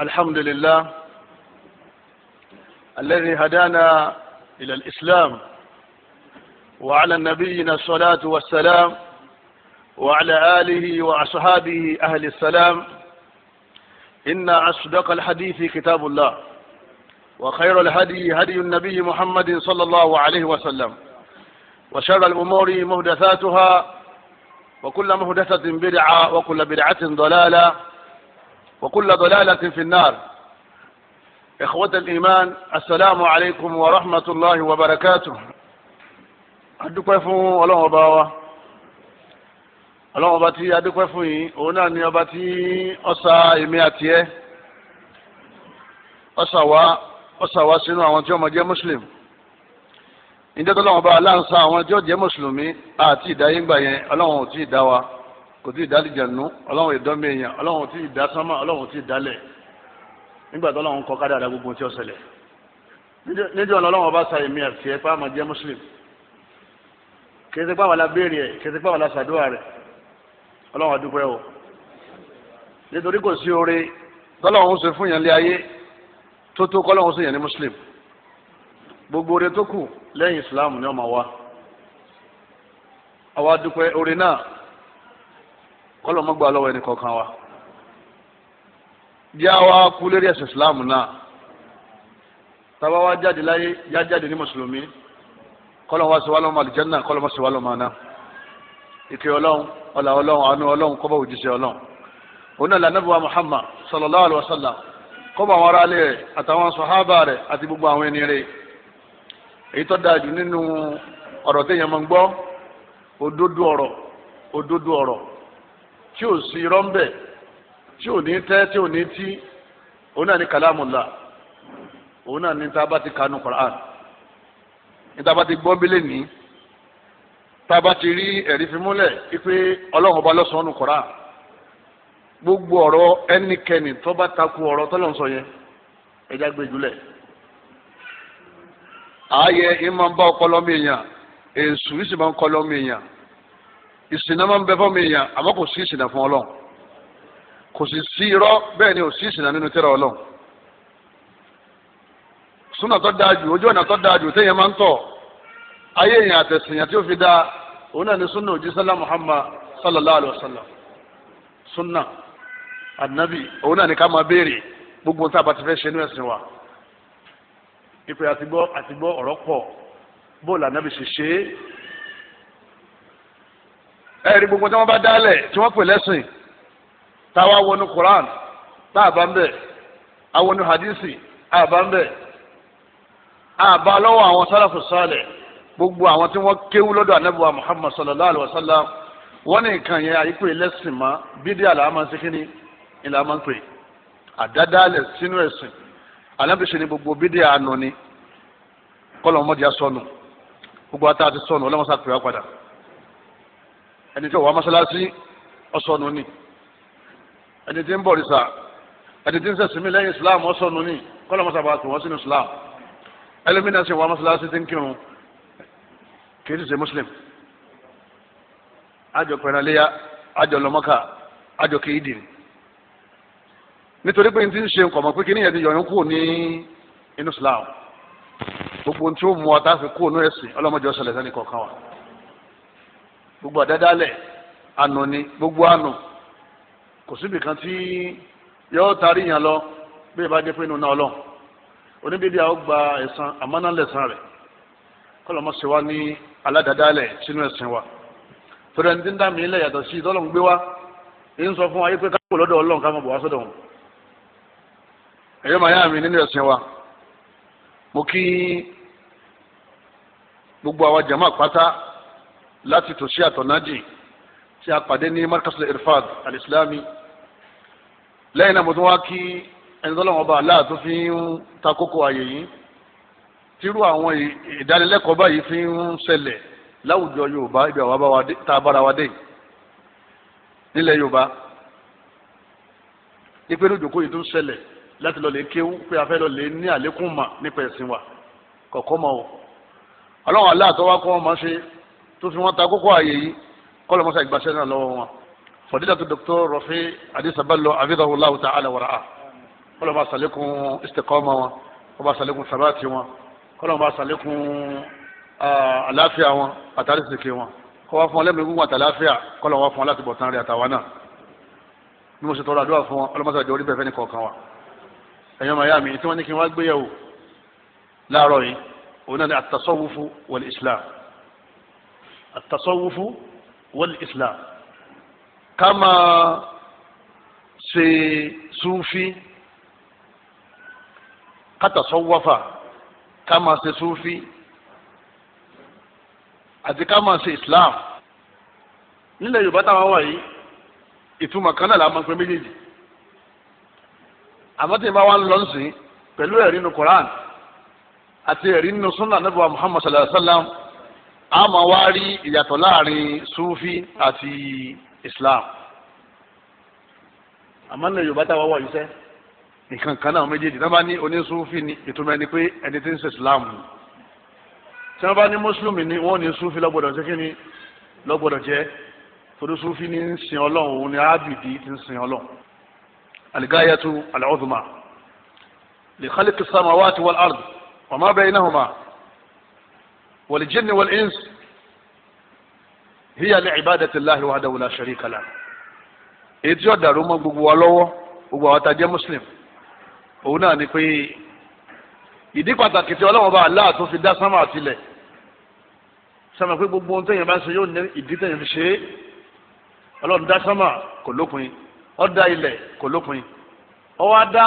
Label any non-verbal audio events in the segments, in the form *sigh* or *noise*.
الحمد لله الذي هدانا إلى الإسلام وعلى نبينا الصلاة والسلام وعلى آله وأصحابه أهل السلام إن أصدق الحديث كتاب الله وخير الهدي هدي النبي محمد صلى الله عليه وسلم وشر الأمور مهدثاتها وكل مهدثة بدعة وكل بدعة ضلالة وكل ضلالة في النار إخوة الإيمان السلام عليكم ورحمة الله وبركاته adúpẹ́ fún ọlọ́run ọba wa ọlọ́run ọba tí adúpẹ́ fún yìí òun náà ni ọba tí ọ̀sà èmi àti ẹ́ ọ̀sà wa ọ̀sà wa sínú àwọn tí ó máa jẹ́ muslim ìjọ́ tó lọ́wọ́ bá aláǹsá àwọn tí ó jẹ́ mùsùlùmí àti ìdáyégbà yẹn ọlọ́run ò tí ì dá wa kò tí ì dálìjànú ọlọ́run ìdánmí èèyàn ọlọ́run tí ì dá sánmà ọlọ́run tí ì dálẹ̀ nígbà tó ọlọ́run kọ kádàrá gbogbo tí ó ṣẹlẹ̀ níjọ́ ọ̀nà ọlọ́run ọba sa àti ẹ̀ pàmò jẹ́ muslim kẹsẹ̀ pàmò la béèrè ẹ̀ kẹsẹ̀ pàmò la ṣàdúrà rẹ̀ ọlọ́run àdúpẹ́ o nítorí kò sí oore tọ́lọ́run ṣe fún yẹn lé ayé tó tó kọ́lọ́run ṣe yẹn ní muslim gbogbo oore tó kù lẹ́yìn islam ni ọmọ wa àwa àdúpẹ́ oore náà kọ́lọ̀ mọ́gbà lọ́wọ́ ẹni kọ̀ọ̀kan wa bí a wá kú lérí ẹ̀sìn islam náà táwa wá jáde láyé yá jáde ní mùsùlùmí kọ́lọ̀ wá sọ wá lọ́mọ àlùjánnà kọ́lọ̀ mọ́ sọ wá lọ́mọ àná ìkẹ́ ọlọ́run ọ̀là ọlọ́run àánú ọlọ́run kọ́bọ̀ òjíṣẹ́ ọlọ́run òun náà lànàbíwá muhammad sallallahu alaihi wasallam kọ́bọ̀ àwọn aráalé rẹ̀ àtàwọn sọ̀hábà rẹ̀ àti gbogbo àwọn ẹni rẹ̀ èyí tó dáa jù nínú ọ̀rọ̀ téèyàn máa òdodo ọ̀rọ̀ òdodo ọ̀rọ̀ tí ò sí irọ́ ń tí ò ní tẹ́ tí ò ní tí òun náà ní kalamullah òun náà ní tá bá ti kanu Qur'an ní tá a bá ti gbọ́ bílẹ̀ ní tá a bá ti rí ẹ̀rí múlẹ̀ ọlọ́run ọba nù Qur'an gbogbo ọ̀rọ̀ ẹnikẹ́ni tó bá takú ọ̀rọ̀ tọ́lọ́run sọ yẹn ẹja ààyè ìmọ̀ ìsìnà máa ń bẹ fún mi yàn àmọ́ kò sí ìsìnà fún ọlọ́run kò sì sí irọ́ bẹ́ẹ̀ ni ò sí ìsìnà nínú tẹ́rọ ọlọ́run súnà tó dáa jù ojú ọ̀nà tó dáa jù téèyàn máa ń tọ̀ ayé èèyàn àtẹ̀sìyàn tí ó fi dáa òun náà ni súnà òjísọ́lá Muhammad sallallahu alayhi wa sallam súnà ànábì òun náà ni ká máa béèrè gbogbo tá a ti fẹ́ ṣe ní ẹ̀sìn wa ìpè àtìgbọ́ àtìgbọ́ ọ̀rọ̀ pọ̀ bóòlù ànábì ṣe ṣe é ẹ̀rí gbogbo tí wọ́n bá dálẹ̀ tí wọ́n pè lẹ́sìn táwa wọnú Quran tá a bá ń bẹ̀ awọnú hadisi a bá ń bẹ̀ a bá lọ́wọ́ àwọn sálàfù sálẹ̀ gbogbo àwọn tí wọ́n kéwú lọ́dọ̀ anábùwà Muhammad sallallahu alayhi wa sallam wọ́n ní nǹkan yẹn àyíkú ẹlẹ́sìn mọ́ bídí àlàámà síkínní ìlà máa ń pè àdádálẹ̀ sínú ẹ̀sìn alábìsẹ̀ ni gbogbo bídí àánú ni kọ́lọ̀ mọ́jà sọnù gbogbo àtàtì sọnù ọlọ́mọsá pè wá padà. ẹni tí òwà mọ́sálásí ọ̀sọ̀nù ni ẹni tí ń bọ̀ rìsà ẹni tí ń sẹ̀sìn lẹ́yìn islam ọ̀sọ̀nù ni kọ́lá mọ́sàbà wọ́n sínú islam ẹlẹ́mìnà sì wà ń kírun muslim àjọ àjọ lọ́mọ́kà àjọ kéèdì nítorí pé n ti ń ṣe nǹkan mọ̀ pé ti kúrò ní islam gbogbo ohun tí ó mú ọ tá a fi kúrò ní ọlọ́mọdé ọ̀sẹ̀ gbogbo àdádálẹ̀ ànú ni gbogbo ànú kò síbi kan tí yóò taari yàn lọ bí ìbá jẹ́ pé inú náà lọ oníbìdí àwọn gba ẹ̀san àmánálẹ̀sán rẹ̀ kọlọmọ sí wa ní aládàádálẹ̀ sínú ẹ̀sìn wa torí ẹni tí mi ilẹ̀ yàtọ̀ sí wa èyí ń sọ fún wa yí pé lọ́dọ̀ ọlọ́run bọ̀ wá sọ́dọ̀ wọn ẹ̀yọ́ màá mi nínú ẹ̀sìn wa mo kí gbogbo àwa láti tòṣí àtọ̀nájì tí a pàdé ní markasul irfad alislami lẹ́yìn náà mo tún wá kí ẹni tó lọ́wọ́ ọba aláà tó fi ń ta kókó ààyè yìí tírú àwọn ìdánilẹ́kọ̀ọ́ báyìí fi ń ṣẹlẹ̀ láwùjọ yorùbá ibi àwọn abáwa tá a bára wa dé nílẹ̀ yorùbá ìpínlẹ̀ òjòkó yìí tó ṣẹlẹ̀ láti lọ lè kéwú pé a fẹ́ lọ lè ní àlékún mà nípa ẹ̀sìn wa kọ̀ọ̀kan mọ́ o ọlọ́run aláà tó wá kọ́ wọn máa ṣe tó fi wọn ta kókó ààyè yìí kọlọ mọsá ìgbàsẹ náà lọ́wọ́ wọn fọdílà tó dr rọfí adisabalo abidahulahu ta'ala wara'a kọlọ bá sàlékún istikọọma wọn kọlọ bá sàlékún sabati wọn kọlọ bá sàlékún àlàáfíà wọn àtàrí sèké wọn kọlọ fún ọlẹ́mìí gbogbo àtàláfíà kọlọ wọn fún aláti bọ̀tán rẹ àtàwọn náà bí mo ṣe tọrọ àdúrà fún wọn ọlọmọsá ìjọ orí ní kọ̀ọ̀kan wa ẹ̀yọ́ màyá mi tí wọ́n ní kí wọ́n gbéyàwó láàárọ̀ yìí òun náà ni àtàsọ́wọ́fù wal islam التصوف والإسلام، كما ká máa ṣe súfí kátàsọ́wọ́fà ká máa ṣe súfí àti ká máa ṣe islam nílẹ̀ yorùbá táwọn wà yìí ìtumọ̀ kan náà la máa ń pè méjèèjì àmọ́ tí ìbá wa ń lọ sí pẹ̀lú ẹ̀rí nínú Quran àti ẹ̀rí nínú sunna nabi wa sallallahu alayhi wa sallam a máa wá rí ìyàtọ̀ láàrin sufi àti islam àmọ́ ní yorùbá táwa wọ̀ yìí sẹ́ nǹkan kan náà méjèèjì tí wọ́n bá ní onísúfì ni ìtumọ̀ ẹni pé ẹni tí ń ṣe islam tí wọ́n bá ní mùsùlùmí ni wọ́n ní sufi lọ́gbọ̀dọ̀ jẹ́ kí ni lọ́gbọ̀dọ̀ jẹ́ torí sufi ní ń sin ọlọ́run òun ni ábìdí ti ń sin ọlọ́run aligayatu alahuduma lè khaliki samawati wal ard wa ma baynahuma. وللجن والإنس هي لعبادة الله وحده لا شريك له èyí tí ọ̀dà ló mọ gbogbo wa lọ́wọ́ gbogbo àwọn tá a jẹ́ muslim òun náà ni pé ìdí pàtàkì tí ọlọ́wọ́n bá aláà tó fi dá sánmà àtìlẹ̀ sánmà pé gbogbo ohun téèyàn bá ń ṣe yóò ní ìdí téèyàn fi ṣe é ọlọ́run dá sánmà kò lópin ó dá ilẹ̀ kò lópin ó wá dá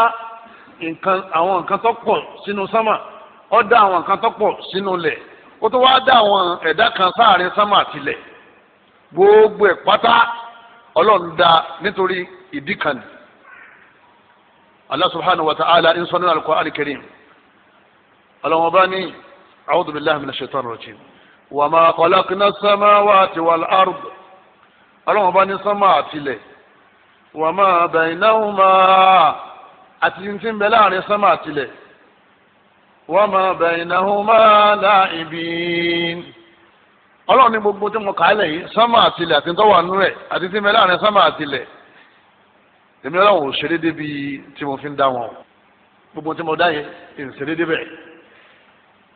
àwọn nǹkan tó pọ̀ sínú sánmà ó dá àwọn nǹkan tó pọ̀ sínú ilẹ̀ ó tún wáá dá àwọn ẹ̀dá kan sáàrin sánmà tilẹ̀ gbogbo ẹ̀ pátá ọlọ́run dá nítorí ìdí kan ní. Allah subhanahu wa ta'ala ń sọ nínú al-Qur'an al-Karim ọlọ́run ọba ní a'udhu billahi minash shaitanir rajim wa ma khalaqna as-samawati wal ard ọlọ́run ọba ní sánmà tilẹ̀ wa ma bainahuma àti ti ń bẹ láàrin sánmà tilẹ̀ wama baynahuma la'ibin. ọlọ́run ní gbogbo tí mo kà á lẹ̀ yìí sánmà àtìlẹ̀ àti tọ́wọ́ àánú rẹ̀ àti tí mẹ́lẹ́ àárín sánmà àtìlẹ̀ èmi ọlọ́run ò ṣeré débi tí mo fi ń dá wọn gbogbo tí mo dá yẹn ń ṣeré débẹ̀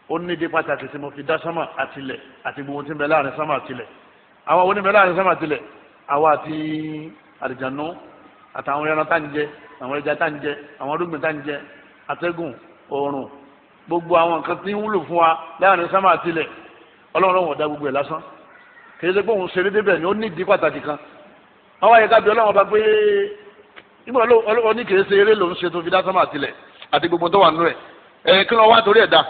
ó ní di pàtàkì tí mo fi dá sánmà àtìlẹ̀ àti gbogbo tí mẹ́lẹ́ àárín sánmà àtìlẹ̀ àwọn wo ni mẹ́lẹ́ àárín sánmà àtìlẹ̀ àwa àti àlìjànú àtàwọn ẹran tá gbogbo àwọn nǹkan tí ń wúlò fún wa láàrin sámà àtìlẹ̀ ọlọ́run lọ́wọ́ ọ̀dà gbogbo ẹ̀ lásán kì í ṣe pé òun ṣeré débẹ̀ ni ó ní ìdí pàtàkì kan wọ́n wáyé ká bí ọlọ́run ọba pé nígbà ọlọ́run ní kì í ṣe eré lòún ṣe tó fi dá sámà àtìlẹ̀ àti gbogbo tó wà nínú ẹ̀ ẹ̀ kí wọ́n wá torí ẹ̀ dá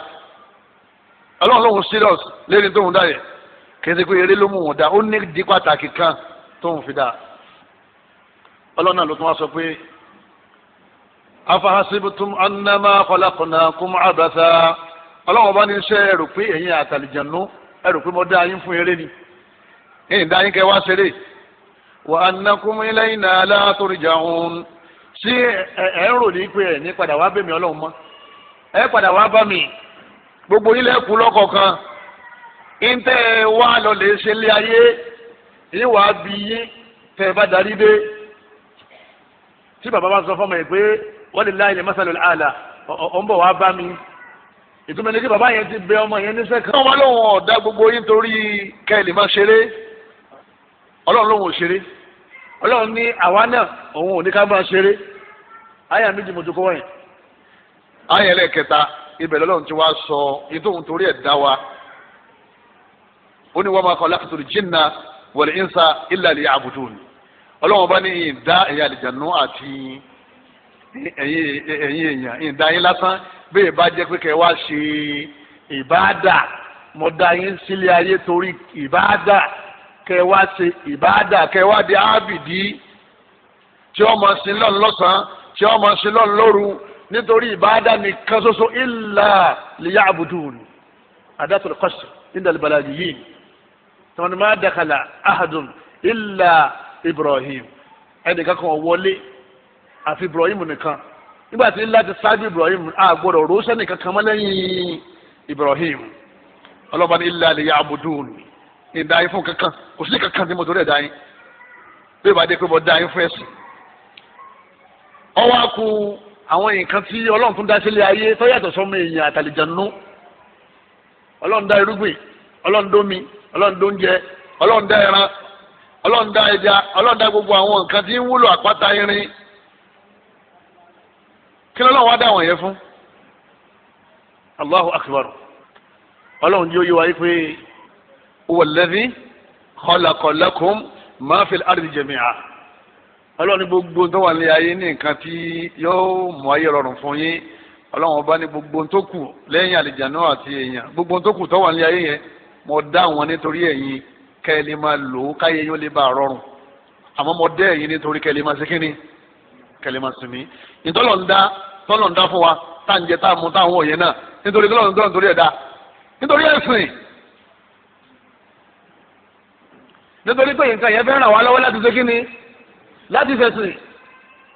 ọlọ́run lòun serious lérí tóun dá yẹ kì ṣe pé eré ló mú òun dá ó ní ìdí pàtàkì kan tóun fi dá ọlọ́run náà ló tún wá sọ pé afahasibutum annama khalaqnakum abatha ọlọ́wọ́n bá ní iṣẹ́ ẹrù pé ẹ̀yin àtàlìjànú ẹrù pé mo dá yín fún eré ni ẹ̀yin dá yín kẹ́ wá ṣeré wa annakum ilayna la turja'un ṣé ẹ̀ ń rò ní pé ẹ̀ ní padà wá bẹ̀mí ọlọ́run mọ́ ẹ̀ padà wá bá mi gbogbo ilẹ̀ kú lọ́kọ̀ọ̀kan ntẹ́ wá lọ lè ṣe lé ayé yín wàá bí yín tẹ́ bá darí dé tí bàbá bá sọ fọ́mọ ẹ̀ pé walillahi al-masalul a'la ọ̀ ń bọ̀ wá bá mi ìtumọ̀ ní kí bàbá yẹn ti bẹ ọmọ yẹn níṣẹ́ kan. wọ́n lóun ọ̀dà gbogbo yín torí kẹ́lì máa ṣeré ọlọ́run lóun ò ṣeré ọlọ́run ní àwa náà òun ò ní ká máa ṣeré àyà méjì mo ti kọ́ wọ̀nyí. àyà ẹlẹ́kẹta ibẹ̀ lọ́lọ́run ti wá sọ ìtòhun torí ẹ̀ dá wa ó ní wa ma khalaqtul jinna wal insa illa liya'budun ọlọ́run ẹ̀yin èèyàn ìdáyín lásán bẹ́ẹ̀ bá jẹ́ pé kẹ́ wá ṣe ìbáàdà mo dá yín sílé ayé torí ìbáàdà kẹ́ wá ṣe ìbáàdà kẹ́ wá di ábìdí tí ó mọ̀ sí lọ́n lọ́sàn-án tí ó mọ̀ sí lọ́n lóru nítorí ìbáàdà nìkan ṣoṣo ìlà lìyá àbùdùn àdàtúrò kọ́sì nídàlùbàlà yìí tọ́ni dàkàlà ahadùn ìlà Ibrahim ẹnìkan kan wọlé àfi Ibrahim nìkan nígbà tí ńlá ti ṣáájú Ibrahim a gbọ́dọ̀ rọ́ṣẹ́ nìkan kan mọ́ lẹ́yìn Ibrahim ọlọ́ba ní illa liya'budun ní ìdáyé fún kankan kò sí kankan tí mo torí ẹ̀ dáyé bí ìbàdí pé mo dáyé fún ẹ̀sìn ọwọ́ akú àwọn nǹkan tí ọlọ́run tún dá sílé ayé tó yàtọ̀ sọ́mọ èèyàn àtàlìjànú ọlọ́run dá irúgbìn ọlọ́run dómi ọlọ́run dóúnjẹ ọlọ́run dá ẹran ọlọ́run dá ẹja ọlọ́run dá gbogbo àwọn nǹkan tí ń wúlò àpáta irin kí lọ́lọ́run wá dá àwọn yẹn fún allahu akbar ọlọ́run yóò yí wa pé wọ̀lẹ́dí kọlàkọlẹ́kùn máa fi àrídì jẹ̀mìà ọlọ́run gbogbo tó wà ní ayé ní nǹkan tí yóò mú ayé rọrùn fún yín ọlọ́run ọba ní gbogbo tó kù lẹ́yìn àlìjànú àti èèyàn gbogbo tó kù tó wà ní ayé yẹn mo dá wọn nítorí ẹ̀yin kẹ́ máa lò ó káyé yóò lè bá a rọrùn àmọ́ mo dẹ́ ẹ̀yin nítorí kẹ́ máa ṣe kínní kẹ́ máa sinmi ìtọ́lọ́ ń dá tọ́lọ̀ ń dá fún wa tá à ń jẹ tá à mú tá à ń wọ̀ yẹn náà nítorí tọ́lọ̀ tọ́lọ̀ nítorí ẹ̀dá nítorí ẹ̀sìn nítorí pé ni láti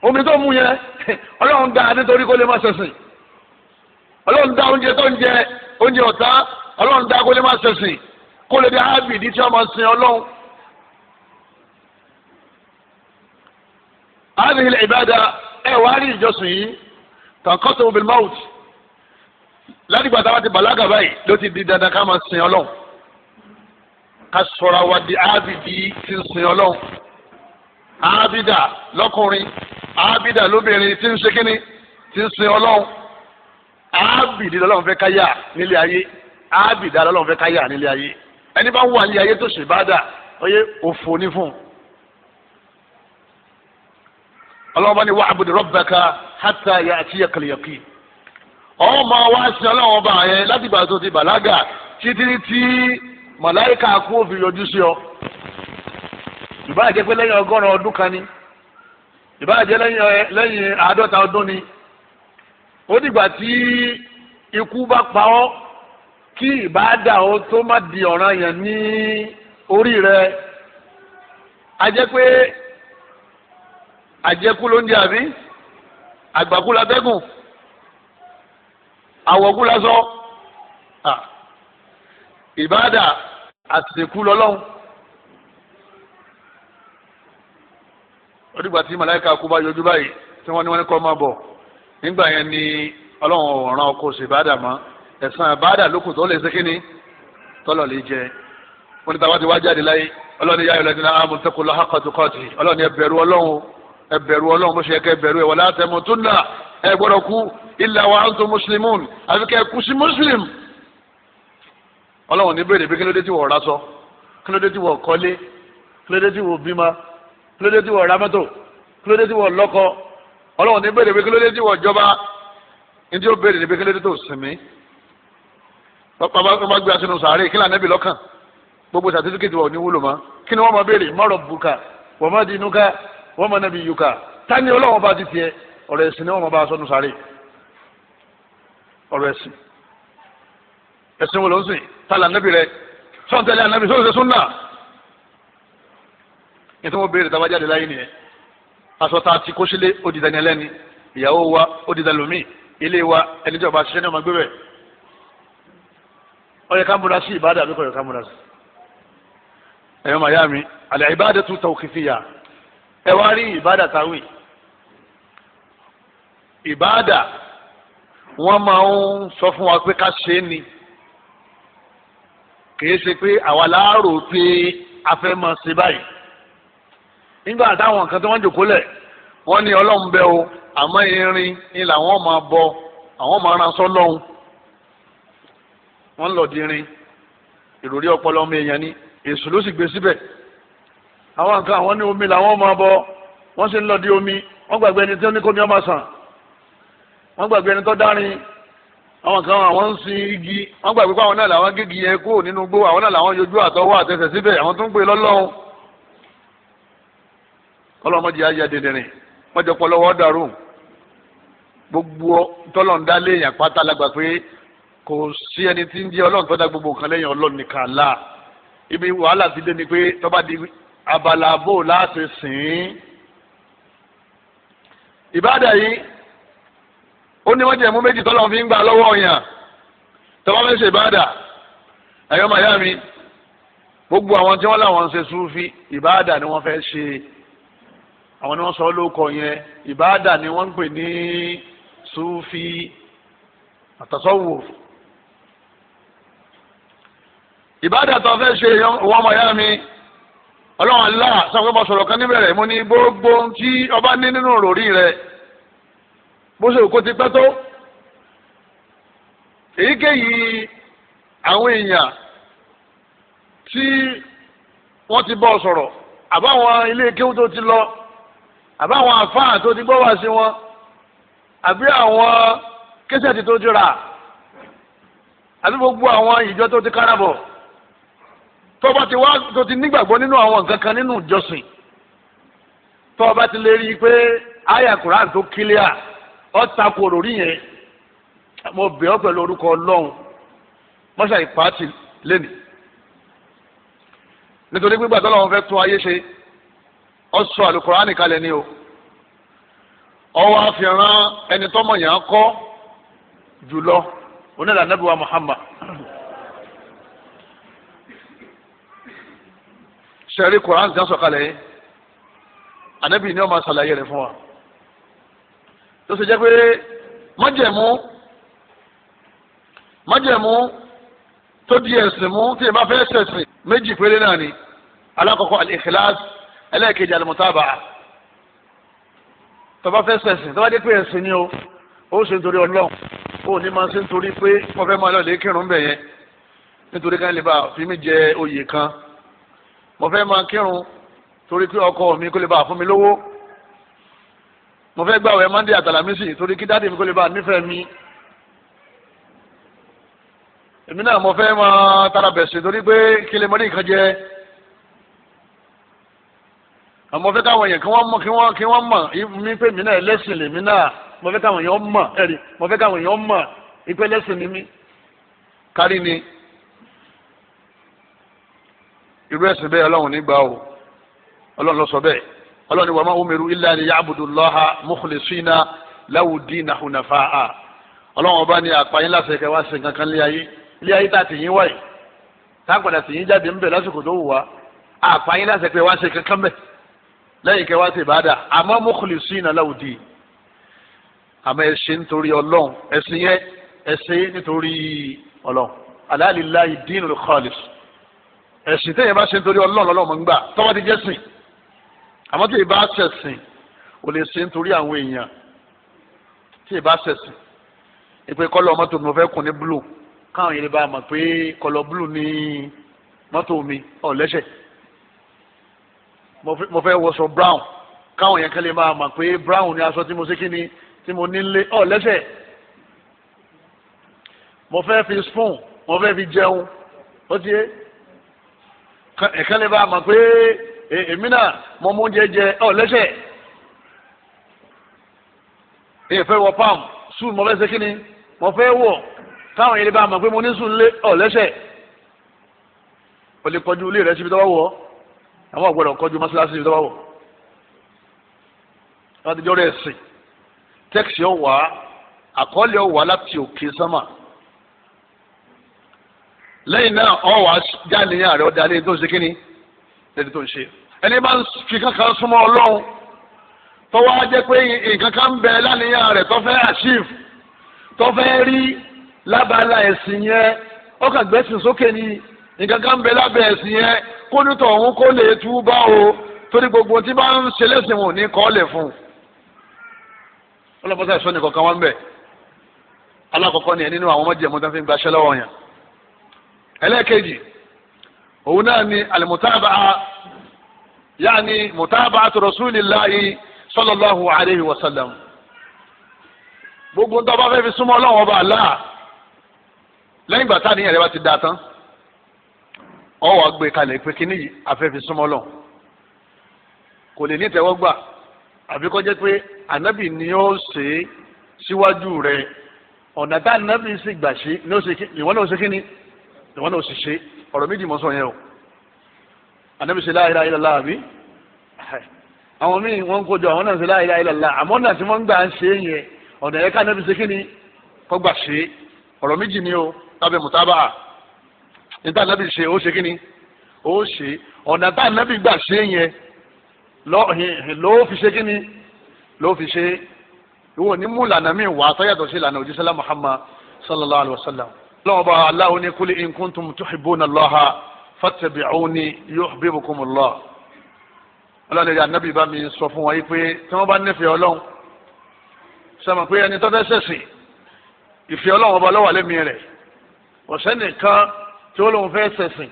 omi tó mú yẹn *laughs* ọlọ́run dá a nítorí kó lè má ṣẹ̀sìn ọlọ́run dá oúnjẹ tó oúnjẹ ọ̀tá ọlọ́run dá kó lè má ṣẹ̀sìn kó lè tàǹkọ́sọ̀ òbí mouth ládìgbà táwa ti bàlágà báyìí ló ti di dandan ká máa sin ọlọ́run ká sọ̀rọ̀ wa di ábìdì tí ń sin ọlọ́run ábìdà lọ́kùnrin ábìdà lóbìnrin tí ń ṣe kínní tí ń sin ọlọ́run ábìdì lọ́lọ́run fẹ́ káyà nílé ayé ábìdà lọ́lọ́run fẹ́ káyà nílé ayé ẹni bá wà ní ayé tó ṣe bá dà oyè òfò ní fún un ọlọ́run bá ní wàhábùdì rabbaka hàtà yà àti yàkàlẹ̀yàkì ọ̀hún máa wá sí ọlọ́run ọba yẹn láti ìgbà tó ti bàlágà títí tí màláìka kú òfin yọjú sí ọ ìbáà jẹ́ pé lẹ́yìn ọgọ́rùn ọdún kan ni ìbáà jẹ́ lẹ́yìn àádọ́ta ọdún ni ó dìgbà tí ikú bá pa ọ́ kí ìbáàdà ó tó má di ọ̀ràn yẹn ní orí rẹ a jẹ́ pé àjẹkú ló ń jẹ àbí àgbàkú la tẹ́gùn àwọ̀kú la sọ ìbáàdà àtìsèkú lọ́lọ́hún. onígbà tí màláìka kú bá yọjú báyìí tí wọ́n ní wọ́n ní kọ́ máa bọ̀ nígbà yẹn ni ọlọ́run ọ̀ràn ọkọ̀ ṣe ìbáàdà mọ́ ẹ̀sán ìbáàdà lókùn tó lè ṣe kínní tọ́lọ̀ lè jẹ wọ́n ní tàwa ti wá jáde láyé ọlọ́run ní yáyọ̀ lẹ́dínlá àmọ̀tẹ́kùn lọ́hàkọ̀tù kọ́ọ̀tì ọlọ́run ní ẹ bẹ̀rù ẹ bẹ̀rù Ọlọ́run bó ṣe kẹ́ bẹ̀rù ẹ wala tamutunna ẹ gbọ́dọ̀ kú illa wa antum muslimun àfi kẹ́ kú sí muslim Ọlọ́run ní bèrè pé kí ló dé tí wọ́n ra sọ kí ló dé tí wọ́n kọ́lé kí ló dé tí wọ́n bímọ kí ló dé tí wọ́n ra mọ́tò kí ló dé tí wọ́n lọ́kọ Ọlọ́run ní bèrè pé kí ló dé tí wọ́n jọba ní tí ó bèrè ní pé kí tó sinmi bàbá gbé aṣọ sàárè kí wọ́n mọ̀ nàbí yuka tani ọlọ́wọ́ bá ti tiẹ̀ ọ̀rọ̀ ẹ̀sìn ni wọ́n mọ̀ bá sọ́nu sáré ọ̀rọ̀ ẹ̀sìn ẹ̀sìn wo ló ń sìn tala nàbí rẹ sọ́ńtẹ́lẹ̀ nàbí sọ́ńtẹ́lẹ̀ súnà nítorí wọ́n béèrè tàbá jáde láyé nìyẹn aṣọ tá a ti kó sílé ó di dání ẹlẹ́ni ìyàwó wa ó di dalomi ilé wa ẹni tí ọba ṣiṣẹ́ ní ọmọ gbé bẹ̀ ó yẹ sí ìbádà àbíkọ̀ yẹ ká sí ẹ̀yọ́ màyá mi àlẹ́ ìbádà tún tawqifiyya ẹ wá rí ìbádà táwì ìbádà wọ́n máa ń sọ fún wa pé ká ṣe é ni kìí ṣe pé àwa láàárò pé a fẹ́ máa ṣe báyìí nígbà táwọn nǹkan tí wọ́n jòkó lẹ̀ wọ́n ní ọlọ́run bẹ o àmọ́ irin ni làwọn máa bọ àwọn máa ran sọ́lọ́hún wọ́n lọ di irin ìròrí ọpọlọ ọmọ èèyàn ni èṣù ló sì gbé síbẹ̀ àwọn nǹkan àwọn ní omi làwọn máa bọ wọ́n sì ń lọ di omi wọ́n gbàgbé ẹni tí ó ní kómi ọmọ sàn wọ́n gbàgbé ẹni tó dárin àwọn kan àwọn ń sin igi wọ́n gbàgbé pé àwọn náà làwọn gègì yẹn kúrò nínú gbó àwọn náà làwọn yọjú àtọwọ́ àtẹsẹ̀ síbẹ̀ àwọn tó ń gbé e lọ́lọ́run kọlọmọdé ayé adẹdẹrin wọ́n jọ pọlọwọ dàrú gbogbo tọlọ́run dá léèyàn pátá lágbà pé kò sí ẹni tí ń jẹ Ọlọ́run tó dá gbogbo nǹkan lẹ́yìn Ọlọ́run nìkan là ibi wàhálà ti dé ni pé tọba di Abalabo bò láti sìn ín ìbádà yìí ó ní wọ́n jẹ́ mú méjì tọ́lọ́ fi ń gbà lọ́wọ́ yàn tọ́wọ́ fẹ́ ṣe ìbádà ẹ̀yọ́ màyá mi gbogbo àwọn tí wọ́n láwọn ń ṣe súfì ìbádà ni wọ́n fẹ́ ṣe àwọn ni wọ́n sọ lóko yẹn ìbádà ni wọ́n ń pè ní súfì àtàsọ́wò ìbádà tó fẹ́ ṣe wọ́n màyá mi ọlọ́run alá sọ̀rọ̀ bá sọ̀rọ̀ kan níbẹ̀rẹ̀ mo ní gbogbo tí ọba ní nínú ròrí rẹ̀ bó ṣe kó ti pẹ́ tó èyíkéyìí àwọn èèyàn tí wọ́n ti bọ́ sọ̀rọ̀ àbáwọn ilé kéwú tó ti lọ àbáwọn àfáà tó ti gbọ́ wá sí wọn àbí àwọn késẹ̀tì tó ti rà àbí gbogbo àwọn ìjọ tó ti kárà bọ̀. tọba bá ti wá tó ti nígbàgbọ́ nínú àwọn nǹkan kan nínú ìjọsìn tó bá ti lè rí i pé àyà Quran tó kílíà ó tako òròrí yẹn mo bẹ̀ ọ́ pẹ̀lú orúkọ Ọlọ́run mọ́ṣá ìpàtì lẹ́nu nítorí pé gbàtọ́ làwọn fẹ́ tún ayé ṣe ó sọ àlùkùránì kalẹ̀ ni o ọwọ́ àfihàn ẹni tọ́mọ̀ yẹn kọ́ jùlọ onílànàbíwá Muhammad. sẹ́rí koran kan sọ̀kalẹ̀ yìí anabi ni wọ́n máa ṣàlàyé rẹ̀ fún wa tó ṣe jẹ́ pé májẹ̀mú májẹ̀mú tó di ẹ̀sìn mú tí ẹ bá fẹ́ ṣẹ̀sìn méjì péré náà ni alákọ̀ọ́kọ́ al-ikhlas ẹlẹ́ẹ̀kejì al-mutaba'a tó bá fẹ́ ṣẹ̀sìn tó bá dé pé ẹ̀sìn ni o ó ṣe nítorí ọlọ́run ó ní máa ṣe nítorí pé wọ́n fẹ́ máa lọ́ọ̀lẹ́ kírun bẹ̀ yẹn nítorí ká lè bá fi mí jẹ oyè kan mo fẹ́ máa kírun torí pé ọkọ mi kó lè bá fún mi lówó mo fẹ́ gbàwẹ̀ mọ́ndé àtàlámísì torí kí dáàdì mi kó lè bá nífẹ̀ẹ́ mi èmi náà mo fẹ́ máa tara bẹ̀sẹ̀ torí pé kí lè mọ ní nǹkan jẹ àmọ́ fẹ́ káwọn èèyàn kí wọ́n mọ̀ kí wọ́n kí wọ́n mọ̀ mi pé mi náà ẹlẹ́sìn lèmi náà mo fẹ́ káwọn èèyàn mọ̀ ẹ̀rí mo fẹ́ káwọn èèyàn mọ̀ ìpẹ́lẹ́sìn ni mi kárí ni irú ẹ̀sìn bẹ́ẹ̀ ọlọ́run nígbà o ọlọ́run lọ sọ bẹ́ẹ̀ ọlọ́run ni wa ma umiru illa liya'budullaha mukhlisina lahu dina hunafa'a ọlọ́run ọba ni àpáyín láṣẹ kẹwàá ṣe kankan lé ayé ilé ayé tá a ti yín wáyé tá a padà sì yín jáde ńbẹ lásìkò tó wù wá àpáyín láṣẹ kẹwàá ṣe kankan bẹ lẹ́yìn kẹwàá ṣe ìbáàdà àmọ́ mukhlisina lahu din àmọ́ ẹ nítorí ọlọ́run ẹ̀sìn yẹn ẹ nítorí ọlọ́run alalillahi dinul khalis ẹ̀sìn téèyàn bá ṣe nítorí ọlọ́run lọ́lọ́mọ ń gbà tọ́wọ́ ti jẹ́ sìn àmọ́ tí ìbá ṣẹ̀sìn ò lè ṣe nítorí àwọn èèyàn tí ìbá ṣẹ̀sìn ìpè kọ́lọ̀ mọ́tò mi mo fẹ́ kùn ní blu káwọn yẹn lè bá mọ̀ pé kọ́lọ̀ blu ní mọ́tò mi ọ̀ lẹ́sẹ̀ mo fẹ́ wọṣọ brown káwọn yẹn kẹ́lẹ́ máa mọ̀ pé brown ni aṣọ tí mo ṣe kí ni tí mo nílé ọ̀ lẹ́sẹ̀ mo fẹ́ fi spoon mo fẹ́ fi jẹun ó ti yé ẹ̀kan lè bá a mọ̀ pé èmi náà mo mú oúnjẹ jẹ ọ lẹ́sẹ̀ èyí fẹ́ wọ palm sùn mo fẹ́ ṣe kíni mo fẹ́ wọ̀ káwọn yẹn lè bá a mọ̀ pé mo ní sùn lé ọ lẹ́sẹ̀ o lè kọjú ilé rẹ síbi tó bá wọ̀ àwọn ọ̀gbọ́dọ̀ kọjú mọ́ṣáláṣí síbi tó bá wọ̀ láti jọ́rọ̀ ẹ̀sìn tẹ́kisì ọ̀wà àkọọ́lẹ̀ ọ̀wà láti òkè sánmà lẹ́yìn náà ọ wàá jáde ní ààrẹ ọ̀dà lẹ́yìn tó ń ṣe kínní lẹ́yìn tó ń ṣe ẹni bá ń fi kankan súnmọ́ ọlọ́run tó wá jẹ́ pé nǹkan kan ń bẹ lánìyàn rẹ̀ tó fẹ́ achieve tó fẹ́ rí lábala ẹ̀sìn yẹn ó kàn gbẹ́sìn sókè ni nǹkan kan ń bẹ lábẹ́ ẹ̀sìn yẹn kó nítọ̀ òun kó lè tú bá o torí gbogbo tí bá ń ṣe lẹ́sìn wọn ní kọ́ lè fún un ọlọ́pàá sọ nìkan kan wá bẹ alákọ̀ọ́kọ́ ni ẹ̀ nínú àwọn ọmọ jẹ̀mú tó fi ń gbaṣẹ́ lọ́wọ́ yẹn ẹlẹ́ẹ̀kejì òun náà ni alimutaba yaani mutaba tu rasulillahi sallallahu alayhi wa sallam gbogbo ntọ́ bá fẹ́ fi súnmọ́ ọlọ́run ọba àlá lẹ́yìn ìgbà táà níyàrá bá ti da tán ọ wàá gbé kalẹ̀ pé kíní yìí afẹ́ fi súnmọ́ ọlọ́run kò lè ní ìtẹ́wọ́gbà àbí kọ́ jẹ́ pé ànábì ni ó ṣe é síwájú rẹ̀ ọ̀nà tá ànábì sì gbà ṣe ni ó ṣe kíní ìwọ náà ó ṣe kíní ìwọ náà sì ṣe ọ̀rọ̀ méjì mọ́ sọ yẹn o ànábi ṣe la ilaha illallah àbí àwọn míì wọ́n ń kojú àwọn náà ṣe la ilaha illallah àmọ́ náà tí wọ́n ń gbà ń ṣe yẹn ọ̀nà ẹ̀ka ànábi ṣe kí ni kọ́ gbà ṣe ọ̀rọ̀ méjì ni o lábẹ́ mùtábà níta ànábi ṣe ó ṣe kí ni ó ṣe ọ̀nà tá ànábi gbà ṣe yẹn ló fi ṣe kí ni fi ṣe ìwọ ní mú lànà míì wà tó sí lànà òjíṣẹ́lá Muhammad sallallahu alayhi wa sallam lọ́wọ́ bá aláwo ní kúlẹ̀ in kuntum tuhibbuna Allaha fattabi'uni yuhibbukum Allah ọlọ́run ẹ̀yà nábì bá mi sọ fún wọn yìí pé tí wọ́n bá nífẹ̀ẹ́ ọlọ́run sọmọ pé ẹni tó fẹ́ sẹ̀sìn ọlọ́run ọba lọ́wọ́ lẹ́mí rẹ̀ ọ̀sẹ́nìkan tí ó fẹ́ sẹ̀sìn